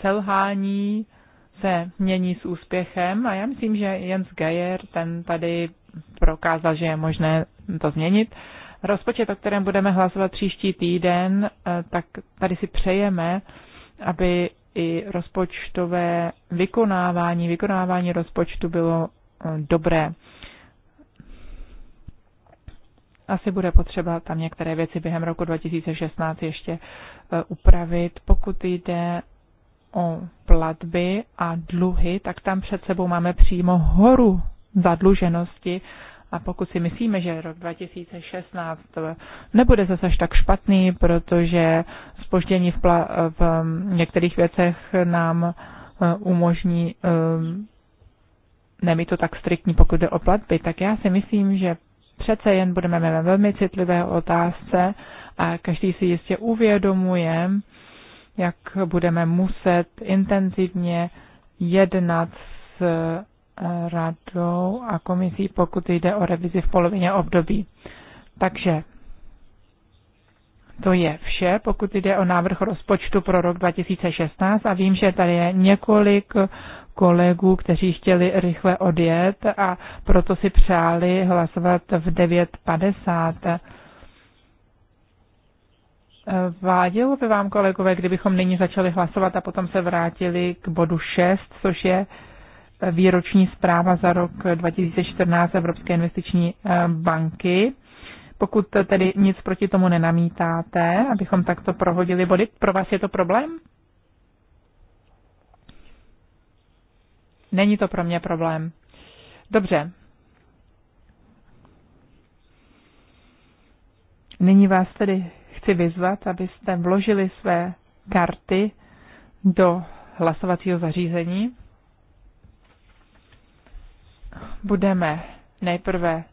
selhání se mění s úspěchem a já myslím, že Jens Geier ten tady prokázal, že je možné to změnit. Rozpočet, o kterém budeme hlasovat příští týden, eh, tak tady si přejeme, aby i rozpočtové vykonávání, vykonávání rozpočtu bylo eh, dobré asi bude potřeba tam některé věci během roku 2016 ještě e, upravit. Pokud jde o platby a dluhy, tak tam před sebou máme přímo horu zadluženosti. A pokud si myslíme, že rok 2016 e, nebude zase tak špatný, protože spoždění v, pla- v některých věcech nám e, umožní nemít to tak striktní, pokud jde o platby, tak já si myslím, že přece jen budeme ve velmi citlivé otázce a každý si jistě uvědomuje, jak budeme muset intenzivně jednat s eh, radou a komisí, pokud jde o revizi v polovině období. Takže to je vše, pokud jde o návrh rozpočtu pro rok 2016 a vím, že tady je několik kolegů, kteří chtěli rychle odjet a proto si přáli hlasovat v 9.50. Vádělo by vám, kolegové, kdybychom nyní začali hlasovat a potom se vrátili k bodu 6, což je výroční zpráva za rok 2014 Evropské investiční eh, banky. Pokud tedy nic proti tomu nenamítáte, abychom takto prohodili body, pro vás je to problém? Není to pro mě problém. Dobře. Nyní vás tedy chci vyzvat, abyste vložili své karty do hlasovacího zařízení. Budeme nejprve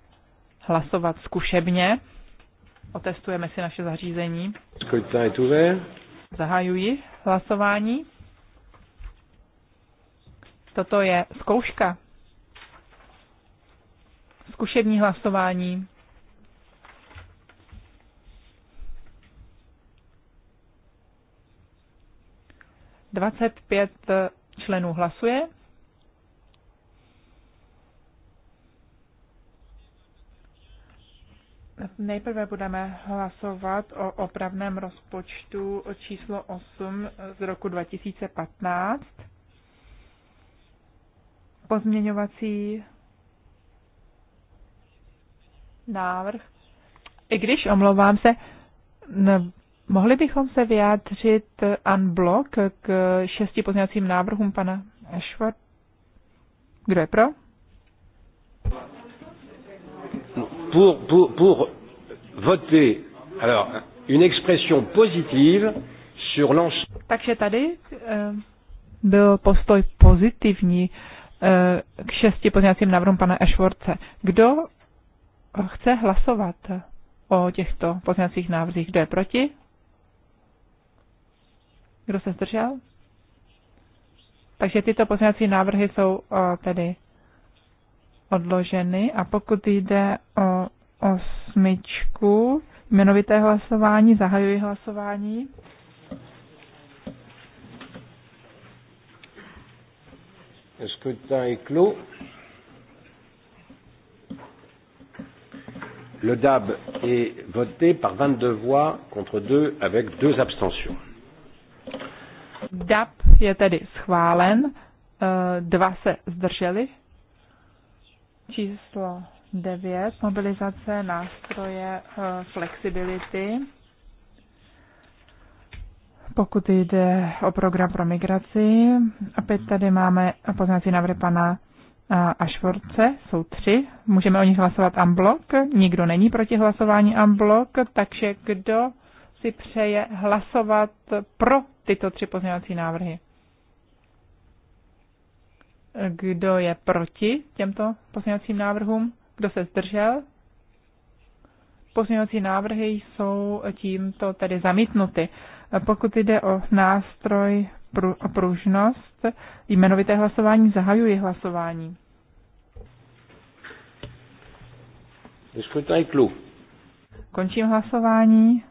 hlasovat zkušebně. Otestujeme si naše zařízení. Zahajuji hlasování. Toto je zkouška. Zkušební hlasování. Dvacet pět členů hlasuje. Nejprve budeme hlasovat o opravném rozpočtu číslo 8 z roku 2015 pozměňovací návrh. I když, omlouvám se, ne, mohli bychom se vyjádřit unblock k šesti pozměňovacím návrhům pana Ashford. Kdo je pro? Pour, pour, pour voter alors, une expression positive sur l'ensemble. Takže tady eh, byl postoj pozitivní k šesti pozměňovacím návrhům pana Ešvorce. Kdo chce hlasovat o těchto pozměňovacích návrzích? Kdo je proti? Kdo se zdržel? Takže tyto pozměňovací návrhy jsou eh, tedy odloženy a pokud jde o osmičku jmenovité hlasování, zahajuji hlasování. Le scrutin est clos. Le DAB est voté par 22 voix contre 2 avec 2 abstentions. DAB est tedy schválen, Euh, dva se zdrželi. Číslo 9, mobilizace nástroje euh, flexibility pokud jde o program pro migraci. Opět tady máme poznací návrh pana Ašvorce, jsou tři. Můžeme o nich hlasovat amblok. Nikdo není proti hlasování amblok, takže kdo si přeje hlasovat pro tyto tři pozměňovací návrhy? Kdo je proti těmto pozměňovacím návrhům? Kdo se zdržel? Pozměňovací návrhy jsou tímto tedy zamítnuty. Pokud jde o nástroj pru, o pružnost, jmenovité hlasování zahajuje hlasování. Končím hlasování.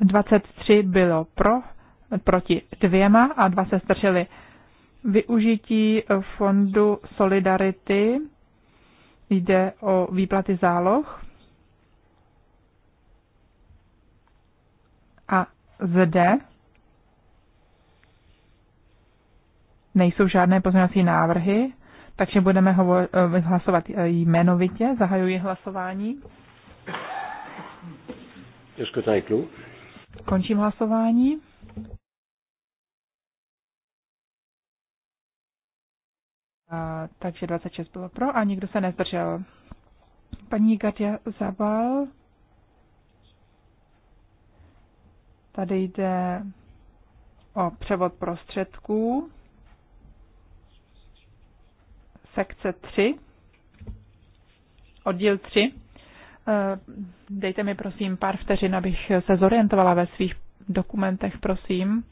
23 eh, bylo pro, proti dvěma a dva se strčili. Využití fondu Solidarity jde o výplaty záloh. zde nejsou žádné pozměňovací návrhy, takže budeme eh, hlasovat eh, jmenovitě. Zahajuji hlasování. Končím hlasování. A, takže 26 bylo pro a nikdo se nezdržel. Paní Gatia Zabal Tady jde o převod prostředků. Sekce 3, oddíl 3. Eh, dejte mi prosím pár vteřin, abych se zorientovala ve svých dokumentech, prosím.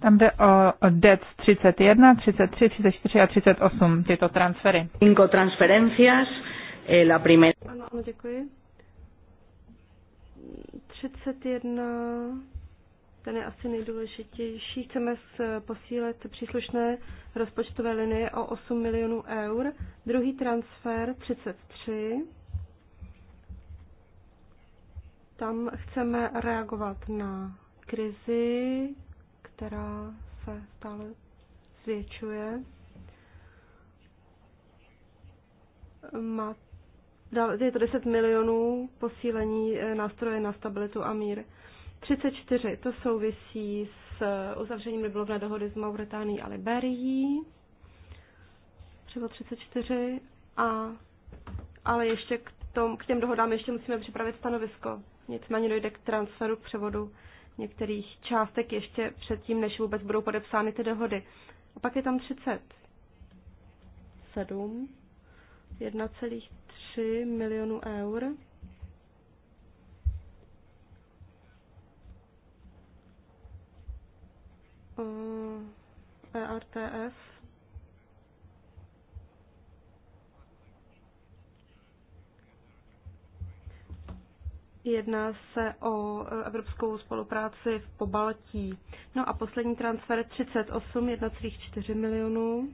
Tam jde o DEC 31, 33, 34 a 38, tyto transfery. Cinco transferencias, eh, la primera... Ano, ano, děkuji. 31, ten je asi nejdůležitější. Chceme posílit příslušné rozpočtové linie o 8 milionů eur. Druhý transfer 33. Tam chceme reagovat na krizi, která se stále zvětšuje. Má, je to 10 milionů posílení eh, nástroje na stabilitu a mír. 34 to souvisí s eh, uzavřením Liblovné dohody s Mauritánií a Liberií. Třeba 34 a ale ještě k, tom, k těm dohodám ještě musíme připravit stanovisko. Nicméně dojde k transferu k převodu některých částek ještě předtím, než vůbec budou podepsány ty dohody. A pak je tam 30. 7. 1,3 milionů eur. ERTF eh, e Jedná se o e, evropskou spolupráci v Pobaltí. No a poslední transfer 38, 1,4 milionů.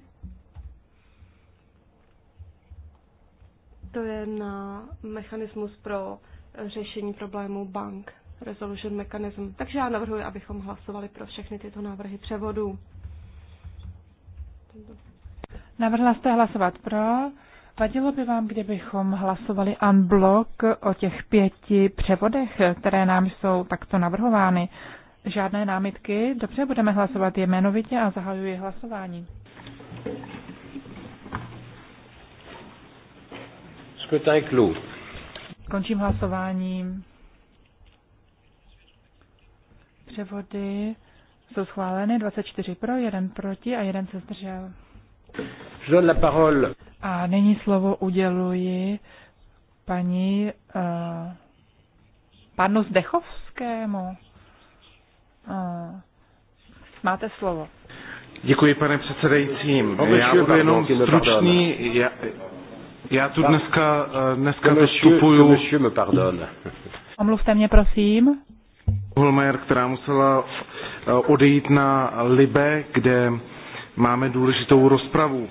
To je na mechanismus pro řešení problémů bank, resolution mechanism. Takže já navrhuji, abychom hlasovali pro všechny tyto návrhy převodů. Navrhla jste hlasovat pro, Vadilo by vám, kdybychom hlasovali unblock o těch pěti převodech, které nám jsou takto navrhovány? Žádné námitky? Dobře, budeme hlasovat jmenovitě a zahajuji hlasování. Končím hlasování. Převody jsou schváleny 24 pro, 1 proti a 1 se zdržel. Je donne la parole a nyní slovo uděluji paní uh, panu Zdechovskému. Uh, máte slovo. Děkuji, pane předsedající. Já budu jenom stručný. Já, já tu dneska, eh, dneska vystupuju. <laughs> Omluvte mě, prosím. Holmer, která musela odejít na Libe, kde máme důležitou rozpravu.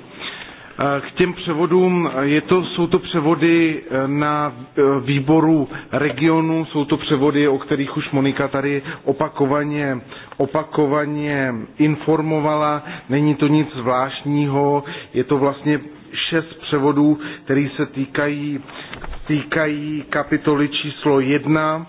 K těm převodům je to, jsou to převody eh, na eh, výboru regionu, jsou to převody, o kterých už Monika tady opakovaně, opakovaně informovala. Není to nic zvláštního, je to vlastně šest převodů, které se týkají, týkají kapitoly číslo jedna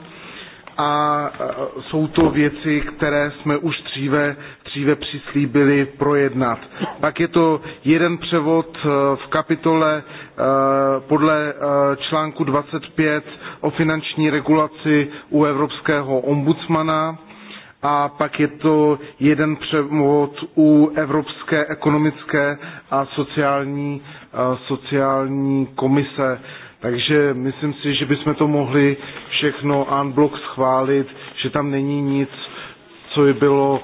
a eh, jsou to věci, které jsme už dříve dříve přislíbili projednat. Pak je to jeden převod eh, v kapitole eh, podle eh, článku 25 o finanční regulaci u evropského ombudsmana a pak je to jeden převod u Evropské ekonomické a sociální, sociální komise. Takže myslím si, že bychom to mohli všechno unblock schválit, že tam není nic, co by bylo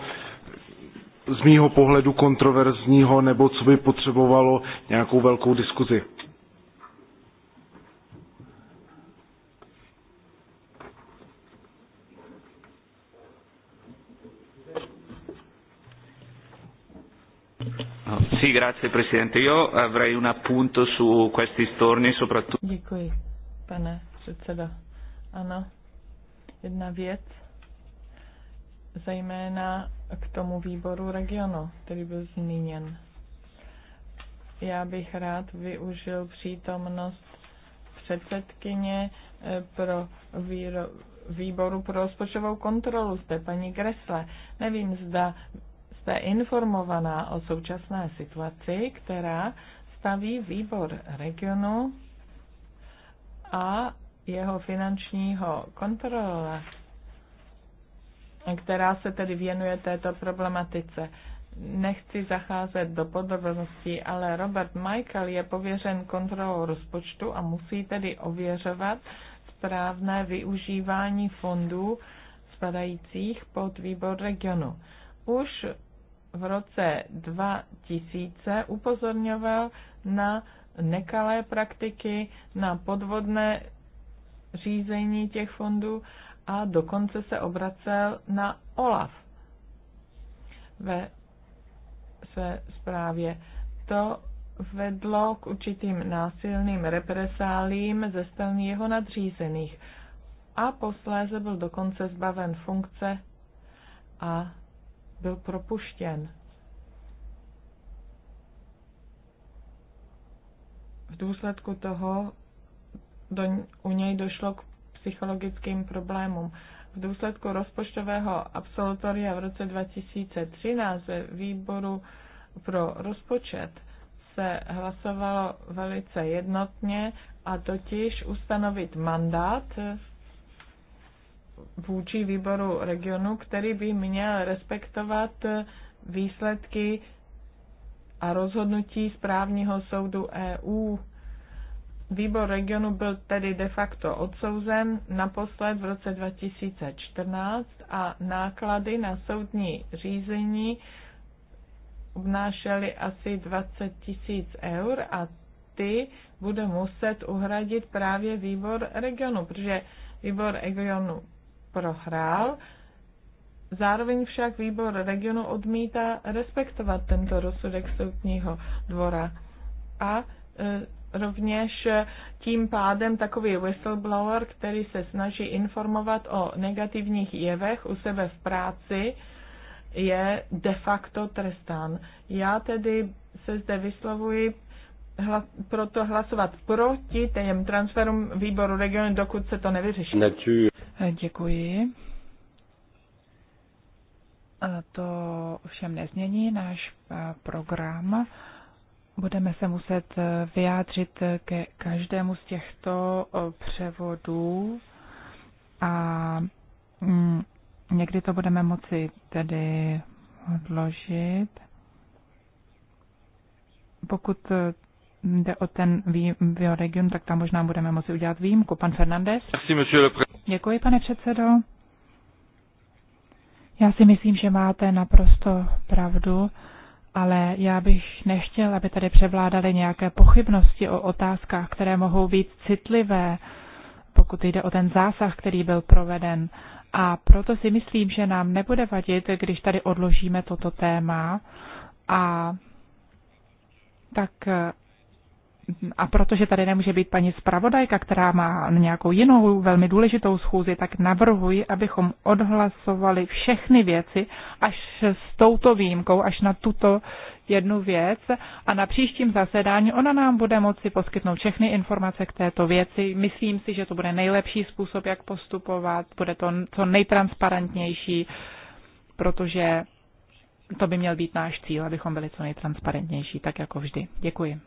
z mýho pohledu kontroverzního nebo co by potřebovalo nějakou velkou diskuzi. Sì, grazie Presidente. Io avrei un appunto su questi storni soprattutto. Děkuji, pane předsedo. Ano, jedna věc zejména k tomu výboru regionu, který byl zmíněn. Já bych rád využil přítomnost předsedkyně eh, pro výro, výboru pro rozpočtovou kontrolu, zde paní Gresle. Nevím, zda jste informovaná o současné situaci, která staví výbor regionu a jeho finančního kontrola která se tedy věnuje této problematice. Nechci zacházet do podrobností, ale Robert Michael je pověřen kontrolou rozpočtu a musí tedy ověřovat správné využívání fondů spadajících pod výbor regionu. Už v roce 2000 upozorňoval na nekalé praktiky, na podvodné řízení těch fondů a dokonce se obracel na Olaf ve své zprávě. To vedlo k určitým násilným represálím ze strany jeho nadřízených a posléze byl dokonce zbaven funkce a byl propuštěn. V důsledku toho do, u něj došlo k psychologickým problémům. V důsledku rozpočtového absolutoria v roce 2013 ve výboru pro rozpočet se hlasovalo velice jednotně a totiž ustanovit mandát vůči výboru regionu, který by měl respektovat výsledky a rozhodnutí správního soudu EU Výbor regionu byl tedy de facto odsouzen naposled v roce 2014 a náklady na soudní řízení obnášely asi 20 tisíc eur a ty bude muset uhradit právě výbor regionu, protože výbor regionu prohrál, zároveň však výbor regionu odmítá respektovat tento rozsudek soudního dvora a e, rovněž tím pádem takový whistleblower, který se snaží informovat o negativních jevech u sebe v práci, je de facto trestán. Já tedy se zde vyslovuji hla, proto hlasovat proti těm transferům výboru regionu, dokud se to nevyřeší. Děkuji. To všem nezmění náš program budeme se muset eh, vyjádřit eh, ke každému z těchto eh, převodů a mm, někdy to budeme moci tedy odložit. Pokud jde o ten bioregion, tak tam možná budeme moci udělat výjimku. Pan Fernandez? Děkuji, pane předsedo. Já si myslím, že máte naprosto pravdu ale já bych nechtěl, aby tady převládaly nějaké pochybnosti o otázkách, které mohou být citlivé, pokud jde o ten zásah, který byl proveden. A proto si myslím, že nám nebude vadit, když tady odložíme toto téma a tak a protože tady nemůže být paní zpravodajka, která má nějakou jinou velmi důležitou schůzi, tak navrhuji, abychom odhlasovali všechny věci až s touto výjimkou, až na tuto jednu věc a na příštím zasedání ona nám bude moci poskytnout všechny informace k této věci. Myslím si, že to bude nejlepší způsob, jak postupovat, bude to co nejtransparentnější, protože to by měl být náš cíl, abychom byli co nejtransparentnější, tak jako vždy. Děkuji.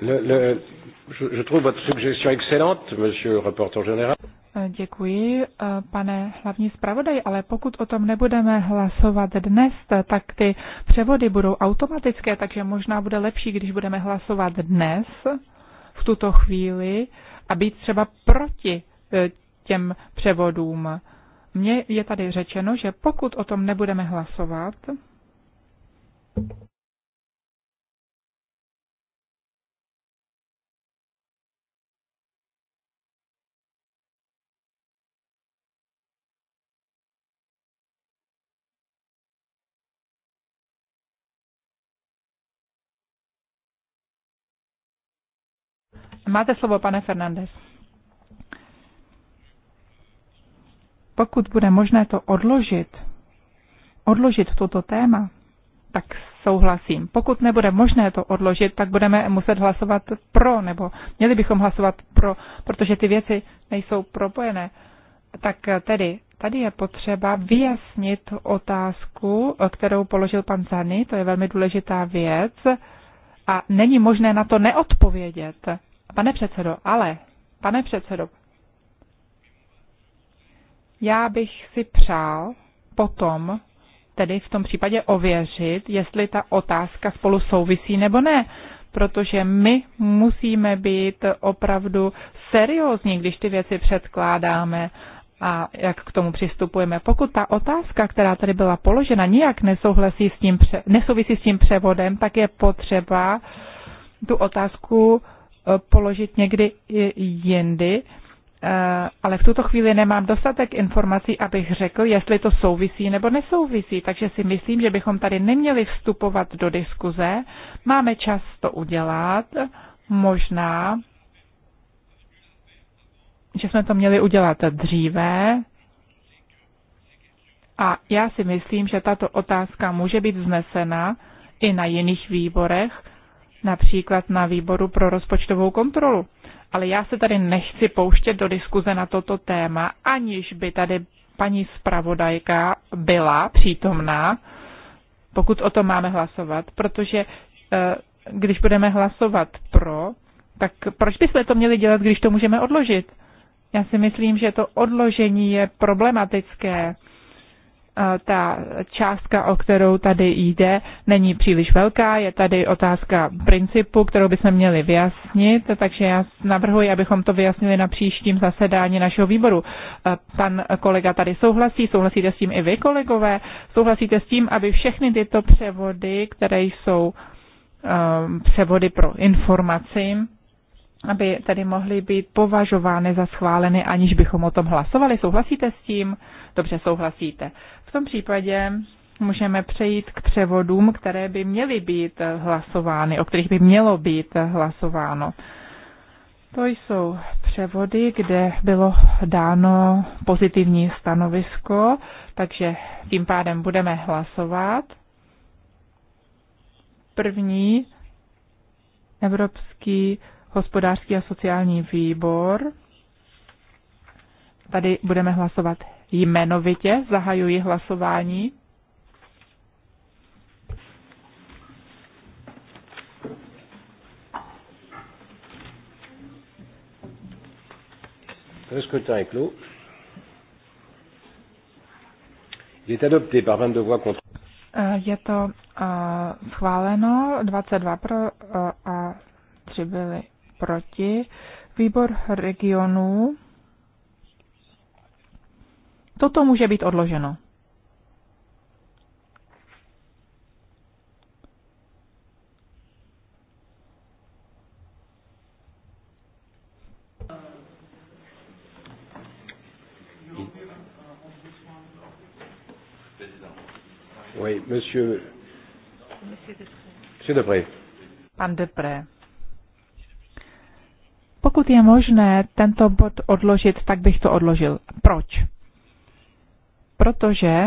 je trouve votre suggestion excellente, monsieur le rapporteur général. Eh, děkuji, eh, pane hlavní zpravodaj, ale pokud o tom nebudeme hlasovat dnes, eh, tak ty převody budou automatické, takže možná bude lepší, když budeme hlasovat dnes, v tuto chvíli, a být třeba proti těm převodům. Mně je tady řečeno, že pokud o tom nebudeme hlasovat, Máte slovo, pane Fernandez. Pokud bude možné to odložit, odložit toto téma, tak souhlasím. Pokud nebude možné to odložit, tak budeme muset hlasovat pro, nebo měli bychom hlasovat pro, protože ty věci nejsou propojené. Tak tedy, tady je potřeba vyjasnit otázku, kterou položil pan Zany, to je velmi důležitá věc, a není možné na to neodpovědět. Pane předsedo, ale, pane předsedo, já bych si přál potom, tedy v tom případě ověřit, jestli ta otázka spolu souvisí nebo ne, protože my musíme být opravdu seriózní, když ty věci předkládáme a jak k tomu přistupujeme. Pokud ta otázka, která tady byla položena, nijak nesouhlasí s tím, nesouvisí s tím převodem, tak je potřeba tu otázku položit někdy jindy, eh, ale v tuto chvíli nemám dostatek informací, abych řekl, jestli to souvisí nebo nesouvisí, takže si myslím, že bychom tady neměli vstupovat do diskuze. Máme čas to udělat, možná, že jsme to měli udělat dříve, a já si myslím, že tato otázka může být vznesena i na jiných výborech, například na výboru pro rozpočtovou kontrolu. Ale já se tady nechci pouštět do diskuze na toto téma, aniž by tady paní zpravodajka byla přítomná, pokud o tom máme hlasovat, protože eh, když budeme hlasovat pro, tak proč bychom to měli dělat, když to můžeme odložit? Já si myslím, že to odložení je problematické ta částka, o kterou tady jde, není příliš velká. Je tady otázka principu, kterou bychom měli vyjasnit, takže já navrhuji, abychom to vyjasnili na příštím zasedání našeho výboru. Pan kolega tady souhlasí, souhlasíte s tím i vy, kolegové, souhlasíte s tím, aby všechny tyto převody, které jsou ehm, převody pro informaci, aby tedy mohly být považovány za schváleny, aniž bychom o tom hlasovali. Souhlasíte s tím? Dobře, souhlasíte. V tom případě můžeme přejít k převodům, které by měly být hlasovány, o kterých by mělo být hlasováno. To jsou převody, kde bylo dáno pozitivní stanovisko, takže tím pádem budeme hlasovat. První Evropský hospodářský a sociální výbor. Tady budeme hlasovat jmenovitě. Zahajuji hlasování. Eh, je to eh, schváleno, 22 pro eh, a 3 byly proti. Výbor regionů. Toto může být odloženo. Oui, monsieur. Monsieur Depré. Pan Depré. Pokud je možné tento bod odložit, tak bych to odložil. Proč? Protože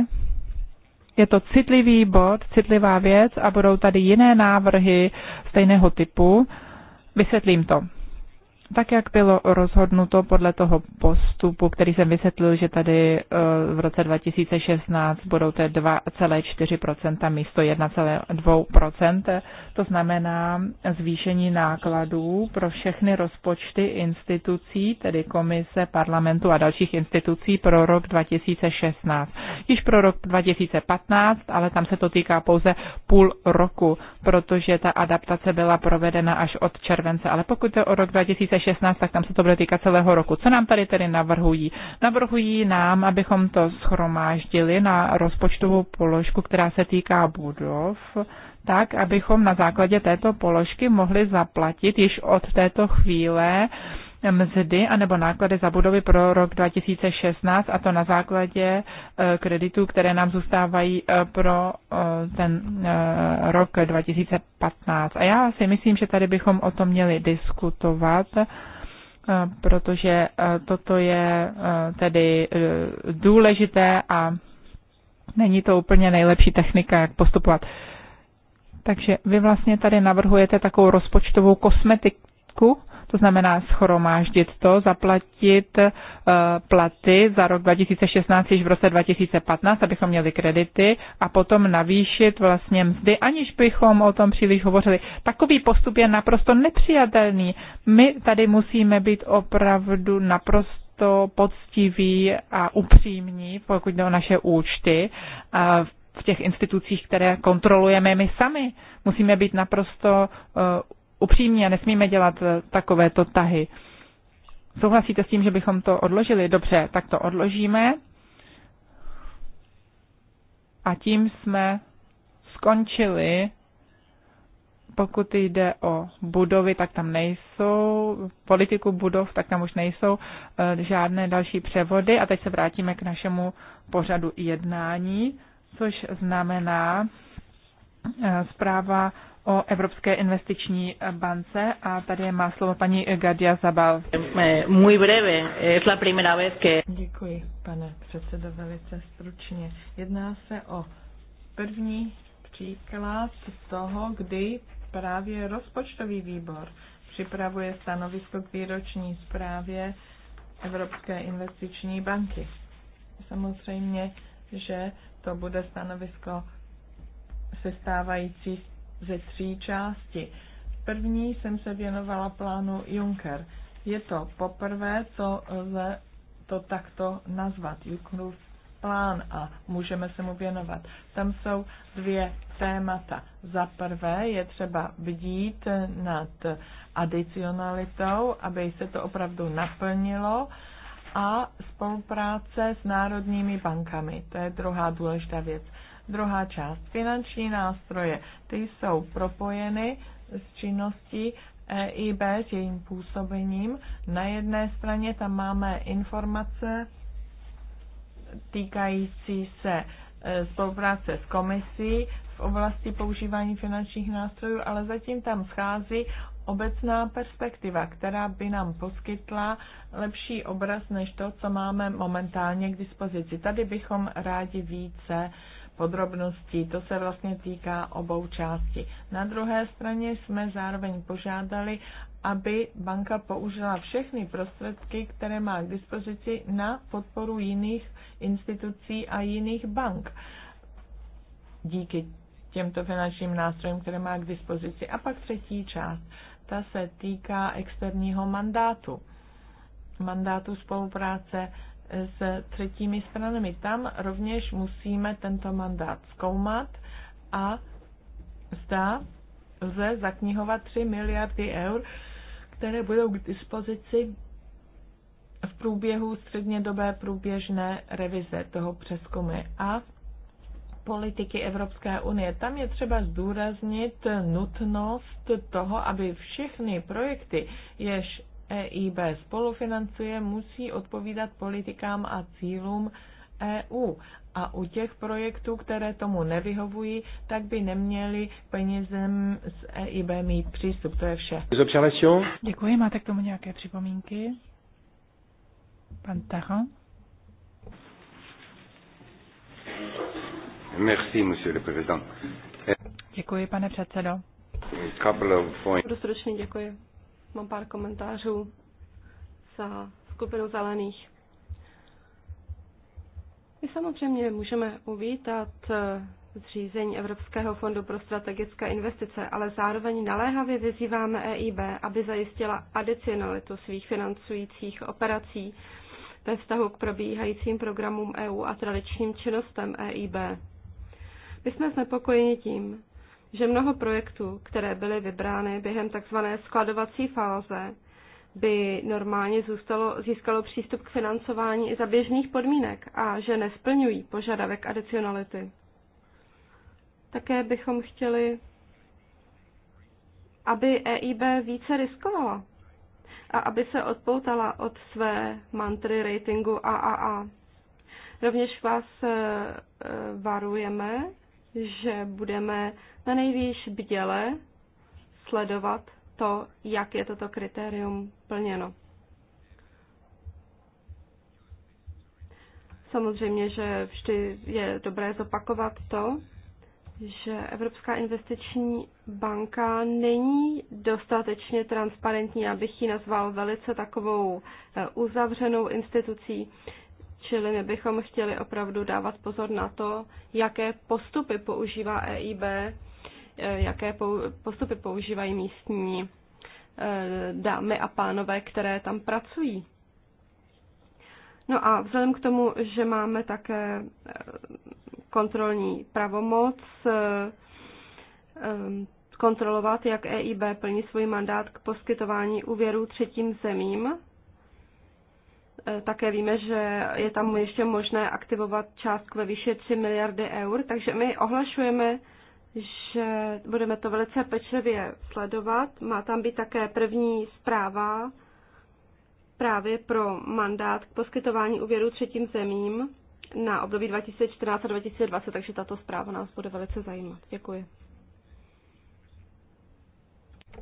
je to citlivý bod, citlivá věc a budou tady jiné návrhy stejného typu. Vysvětlím to tak jak bylo rozhodnuto podle toho postupu, který jsem vysvětlil, že tady eh, v roce 2016 budou to 2,4% místo 1,2%, to znamená zvýšení nákladů pro všechny rozpočty institucí, tedy komise, parlamentu a dalších institucí pro rok 2016. Již pro rok 2015, ale tam se to týká pouze půl roku, protože ta adaptace byla provedena až od července. Ale pokud je o rok 2016, 2016, tak tam se to bude týkat celého roku. Co nám tady tedy navrhují? Navrhují nám, abychom to schromáždili na rozpočtovou položku, která se týká budov, tak, abychom na základě této položky mohli zaplatit již od této chvíle mzdy anebo náklady za budovy pro rok 2016 a to na základě e, kreditů, které nám zůstávají e, pro e, ten rok 2015. A já si myslím, že tady bychom o tom měli diskutovat, protože toto je tedy důležité a není to úplně nejlepší technika, jak postupovat. Takže vy vlastně tady navrhujete takovou rozpočtovou kosmetiku, to znamená schromáždit to, zaplatit eh, platy za rok 2016 již v roce 2015, abychom měli kredity a potom navýšit vlastně mzdy, aniž bychom o tom příliš hovořili. Takový postup je naprosto nepřijatelný. My tady musíme být opravdu naprosto to poctivý a upřímní, pokud jde o naše účty v těch institucích, které kontrolujeme my sami. Musíme být naprosto eh, upřímní a nesmíme dělat eh, takovéto tahy. Souhlasíte s tím, že bychom to odložili? Dobře, tak to odložíme. A tím jsme skončili. Pokud jde o budovy, tak tam nejsou. Politiku budov, tak tam už nejsou eh, žádné další převody. A teď se vrátíme k našemu pořadu jednání, což znamená eh, zpráva o Evropské investiční bance a tady má slovo paní Gadia Zabal. Eh, muy breve, es la primera vez que... Děkuji, pane předsedo, velice stručně. Jedná se o první příklad toho, kdy právě rozpočtový výbor připravuje stanovisko k výroční zprávě Evropské investiční banky. Samozřejmě, že to bude stanovisko sestávající z ze tří části. První jsem se věnovala plánu Juncker. Je to poprvé, co lze to takto nazvat, Junckerův plán a můžeme se mu věnovat. Tam jsou dvě témata. Za prvé je třeba bdít nad adicionalitou, aby se to opravdu naplnilo a spolupráce s národními bankami. To je druhá důležitá věc. Druhá část, finanční nástroje, ty jsou propojeny s činností EIB, s jejím působením. Na jedné straně tam máme informace týkající se e, spolupráce s komisí v oblasti používání finančních nástrojů, ale zatím tam schází obecná perspektiva, která by nám poskytla lepší obraz než to, co máme momentálně k dispozici. Tady bychom rádi více eh, podrobností. To se vlastně týká obou částí. Na druhé straně jsme zároveň požádali, aby banka použila všechny prostředky, které má k dispozici na podporu jiných institucí a jiných bank. Díky těmto finančním nástrojům, které má k dispozici. A pak třetí část, ta se týká externího mandátu, mandátu spolupráce s třetími stranami. Tam rovněž musíme tento mandát zkoumat a zda lze zaknihovat 3 miliardy eur, které budou k dispozici v průběhu střednědobé průběžné revize toho přeskumy a politiky Evropské unie. Tam je třeba zdůraznit nutnost toho, aby všechny projekty, jež EIB spolufinancuje, musí odpovídat politikám a cílům EU. A u těch projektů, které tomu nevyhovují, tak by neměli penězem z EIB mít přístup. To je vše. Děkuji. Máte k tomu nějaké připomínky? Pan Taron? Merci, monsieur le président. Děkuji, pane předsedo. Budu děkuji. Mám pár komentářů za skupinu zelených. My samozřejmě můžeme uvítat eh, zřízení Evropského fondu pro strategické investice, ale zároveň naléhavě vyzýváme EIB, aby zajistila adicionalitu svých financujících operací ve vztahu k probíhajícím programům EU a tradičním činnostem EIB. My jsme znepokojeni tím, že mnoho projektů, které byly vybrány během tzv. skladovací fáze, by normálně zůstalo, získalo přístup k financování i za běžných podmínek a že nesplňují požadavek adicionality. Také bychom chtěli, aby EIB více riskovala a aby se odpoutala od své mantry ratingu AAA. Rovněž vás eh, varujeme, že budeme na nejvýš bděle sledovat to, jak je toto kritérium plněno. Samozřejmě, že vždy je dobré zopakovat to, že Evropská investiční banka není dostatečně transparentní, abych ji nazval velice takovou eh, uzavřenou institucí. Čili my bychom chtěli opravdu dávat pozor na to, jaké postupy používá EIB, eh, jaké postupy používají místní eh, dámy a pánové, které tam pracují. No a vzhledem k tomu, že máme také eh, kontrolní pravomoc kontrolovat, jak EIB plní svůj mandát k poskytování úvěrů třetím zemím, E, také víme, že je tam ještě možné aktivovat částku ve výši 3 miliardy eur, takže my ohlašujeme, že budeme to velice pečlivě sledovat. Má tam být také první zpráva právě pro mandát k poskytování úvěru třetím zemím na období 2014 a 2020, takže tato zpráva nás bude velice zajímat. Děkuji.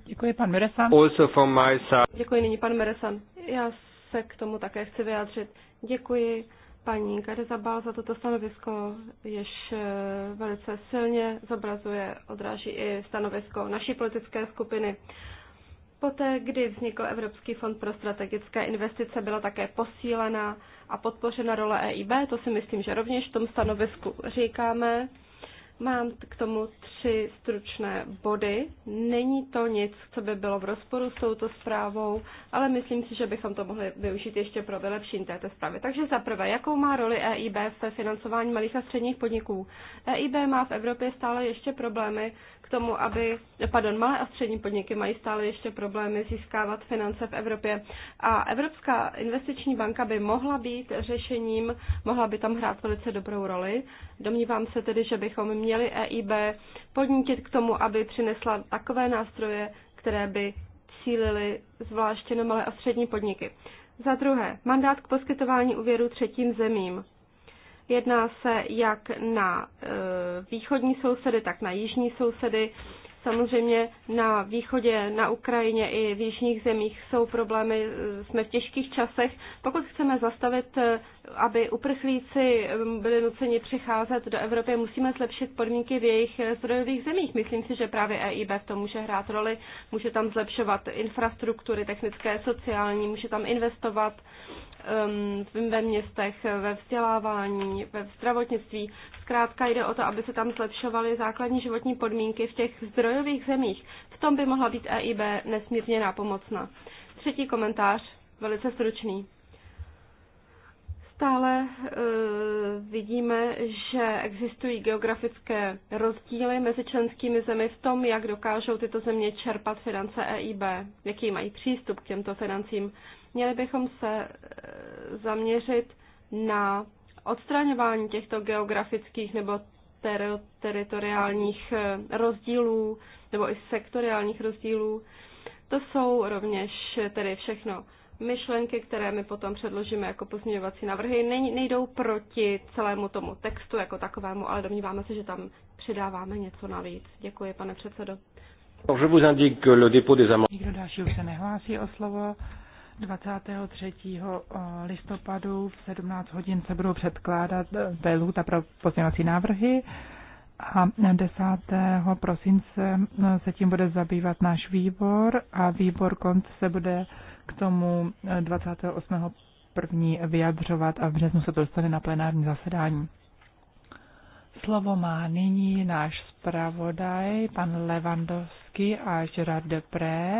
Děkuji, pan Meresan. Also from my side. Děkuji, nyní pan Meresan. Já se k tomu také chci vyjádřit. Děkuji paní Garizabal za toto stanovisko, jež eh, velice silně zobrazuje, odráží i stanovisko naší politické skupiny. Poté, kdy vznikl Evropský fond pro strategické investice, byla také posílena a podpořena role EIB, to si myslím, že rovněž v tom stanovisku říkáme. Mám k tomu tři stručné body. Není to nic, co by bylo v rozporu s touto zprávou, ale myslím si, že bychom to mohli využít ještě pro vylepšení této zprávy. Takže za prvé, jakou má roli EIB v financování malých a středních podniků? EIB má v Evropě stále ještě problémy k tomu, aby, pardon, malé a střední podniky mají stále ještě problémy získávat finance v Evropě a Evropská investiční banka by mohla být řešením, mohla by tam hrát velice dobrou roli. Domnívám se tedy, že bychom měli EIB podnítit k tomu, aby přinesla takové nástroje, které by cílily zvláště na malé a střední podniky. Za druhé, mandát k poskytování úvěru třetím zemím. Jedná se jak na eh, východní sousedy, tak na jižní sousedy. Samozřejmě na východě, na Ukrajině i v jižních zemích jsou problémy, jsme v těžkých časech. Pokud chceme zastavit, eh, aby uprchlíci eh, byli nuceni přicházet do Evropy, musíme zlepšit podmínky v jejich eh, zdrojových zemích. Myslím si, že právě EIB v tom může hrát roli, může tam zlepšovat infrastruktury technické, sociální, může tam investovat ehm, ve městech, ve vzdělávání, ve zdravotnictví. Zkrátka jde o to, aby se tam zlepšovaly základní životní podmínky v těch zdrojových zemích. V tom by mohla být EIB nesmírně nápomocná. Třetí komentář, velice stručný. Stále uh, vidíme, že existují geografické rozdíly mezi členskými zemi v tom, jak dokážou tyto země čerpat finance EIB, jaký mají přístup k těmto financím. Měli bychom se uh, zaměřit na odstraňování těchto geografických nebo ter- teritoriálních eh, rozdílů nebo i sektoriálních rozdílů. To jsou rovněž eh, tedy všechno myšlenky, které my potom předložíme jako pozměňovací návrhy, nejdou proti celému tomu textu jako takovému, ale domníváme se, že tam přidáváme něco navíc. Děkuji, pane předsedo. Je vous indique le dépôt des amendements. Nikdo dalšího se nehlásí o slovo. 23. Eh, listopadu v 17 hodin se budou předkládat, eh, to a lhůta pro pozměňovací návrhy, a 10. prosince eh, se tím bude zabývat náš výbor a výbor konc se bude k tomu 28. první vyjadřovat a v březnu se to dostane na plenární zasedání. Slovo má nyní náš zpravodaj, pan Levandovský a Gerard Depré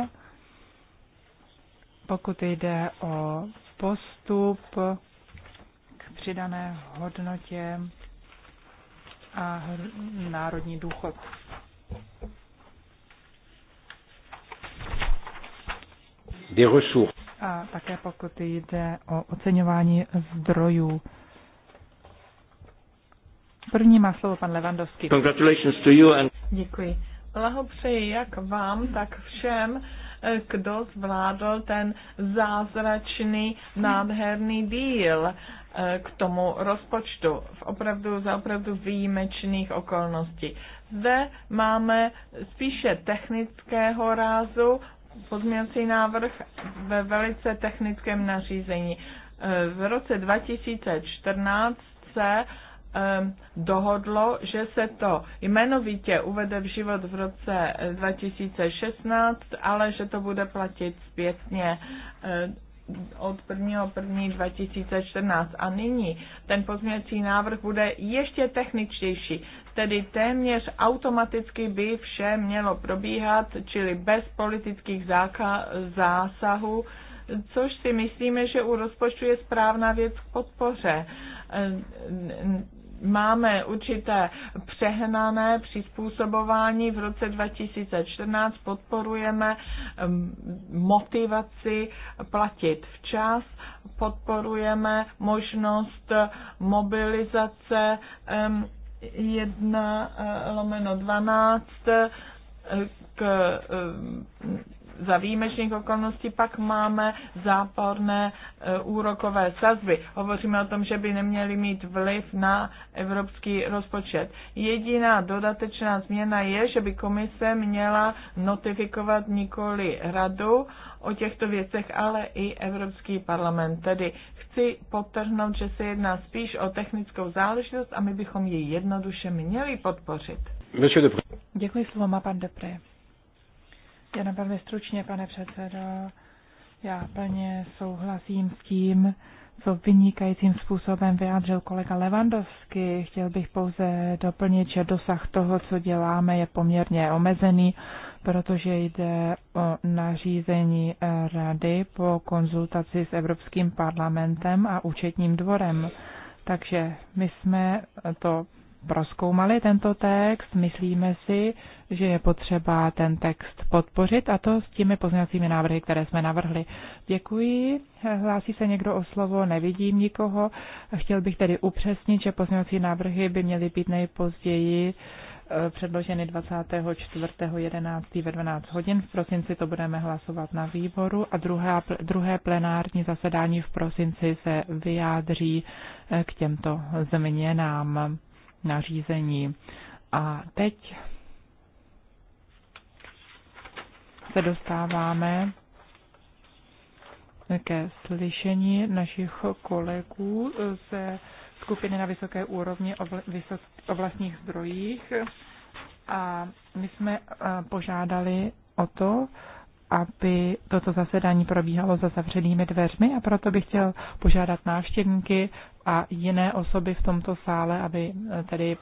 pokud jde o postup k přidané hodnotě a národní důchod. A také pokud jde o oceňování zdrojů. První má slovo pan Levandovský. Congratulations to you and... Děkuji. Blahopřeji jak vám, tak všem Eh, kdo zvládl ten zázračný, nádherný díl eh, k tomu rozpočtu v opravdu, za opravdu výjimečných okolností. Zde máme spíše technického rázu pozměňovací návrh ve velice technickém nařízení. Eh, v roce 2014 se dohodlo, že se to jmenovitě uvede v život v roce 2016, eh, ale že to bude platit zpětně eh, od 1.1.2014 a nyní ten pozměňovací návrh bude ještě techničtější, tedy téměř automaticky by vše mělo probíhat, čili bez politických zásahů, což si myslíme, že u rozpočtu je správná věc k podpoře. Eh, máme určité přehnané přizpůsobování. V roce 2014 podporujeme motivaci platit včas, podporujeme možnost mobilizace 1 eh, lomeno 12 eh, k eh, za výjimečných okolností pak máme záporné e, úrokové sazby. Hovoříme o tom, že by neměly mít vliv na evropský rozpočet. Jediná dodatečná změna je, že by komise měla notifikovat nikoli radu o těchto věcech, ale i Evropský parlament. Tedy chci potrhnout, že se jedná spíš o technickou záležitost a my bychom ji jednoduše měli podpořit. Děkuji, slovo má pan Depré. Jen velmi stručně, pane předsedo, já plně souhlasím s tím, co vynikajícím způsobem vyjádřil kolega Levandovský. Chtěl bych pouze doplnit, že dosah toho, co děláme, je poměrně omezený, protože jde o nařízení eh, rady po konzultaci s Evropským parlamentem a účetním dvorem. Takže my jsme to proskoumali tento text. Myslíme si, že je potřeba ten text podpořit a to s těmi pozměňovacími návrhy, které jsme navrhli. Děkuji. Hlásí se někdo o slovo? Nevidím nikoho. Chtěl bych tedy upřesnit, že pozměňovací návrhy by měly být nejpozději eh, předloženy 24.11. ve 12 hodin. V prosinci to budeme hlasovat na výboru a druhá, druhé plenární zasedání v prosinci se vyjádří eh, k těmto změnám nařízení. A teď se dostáváme ke slyšení našich kolegů ze skupiny na vysoké úrovni o vlastních zdrojích. A my jsme eh, požádali o to, aby toto zasedání probíhalo za zavřenými dveřmi a proto bych chtěl požádat návštěvníky a jiné osoby v tomto sále, aby eh, tedy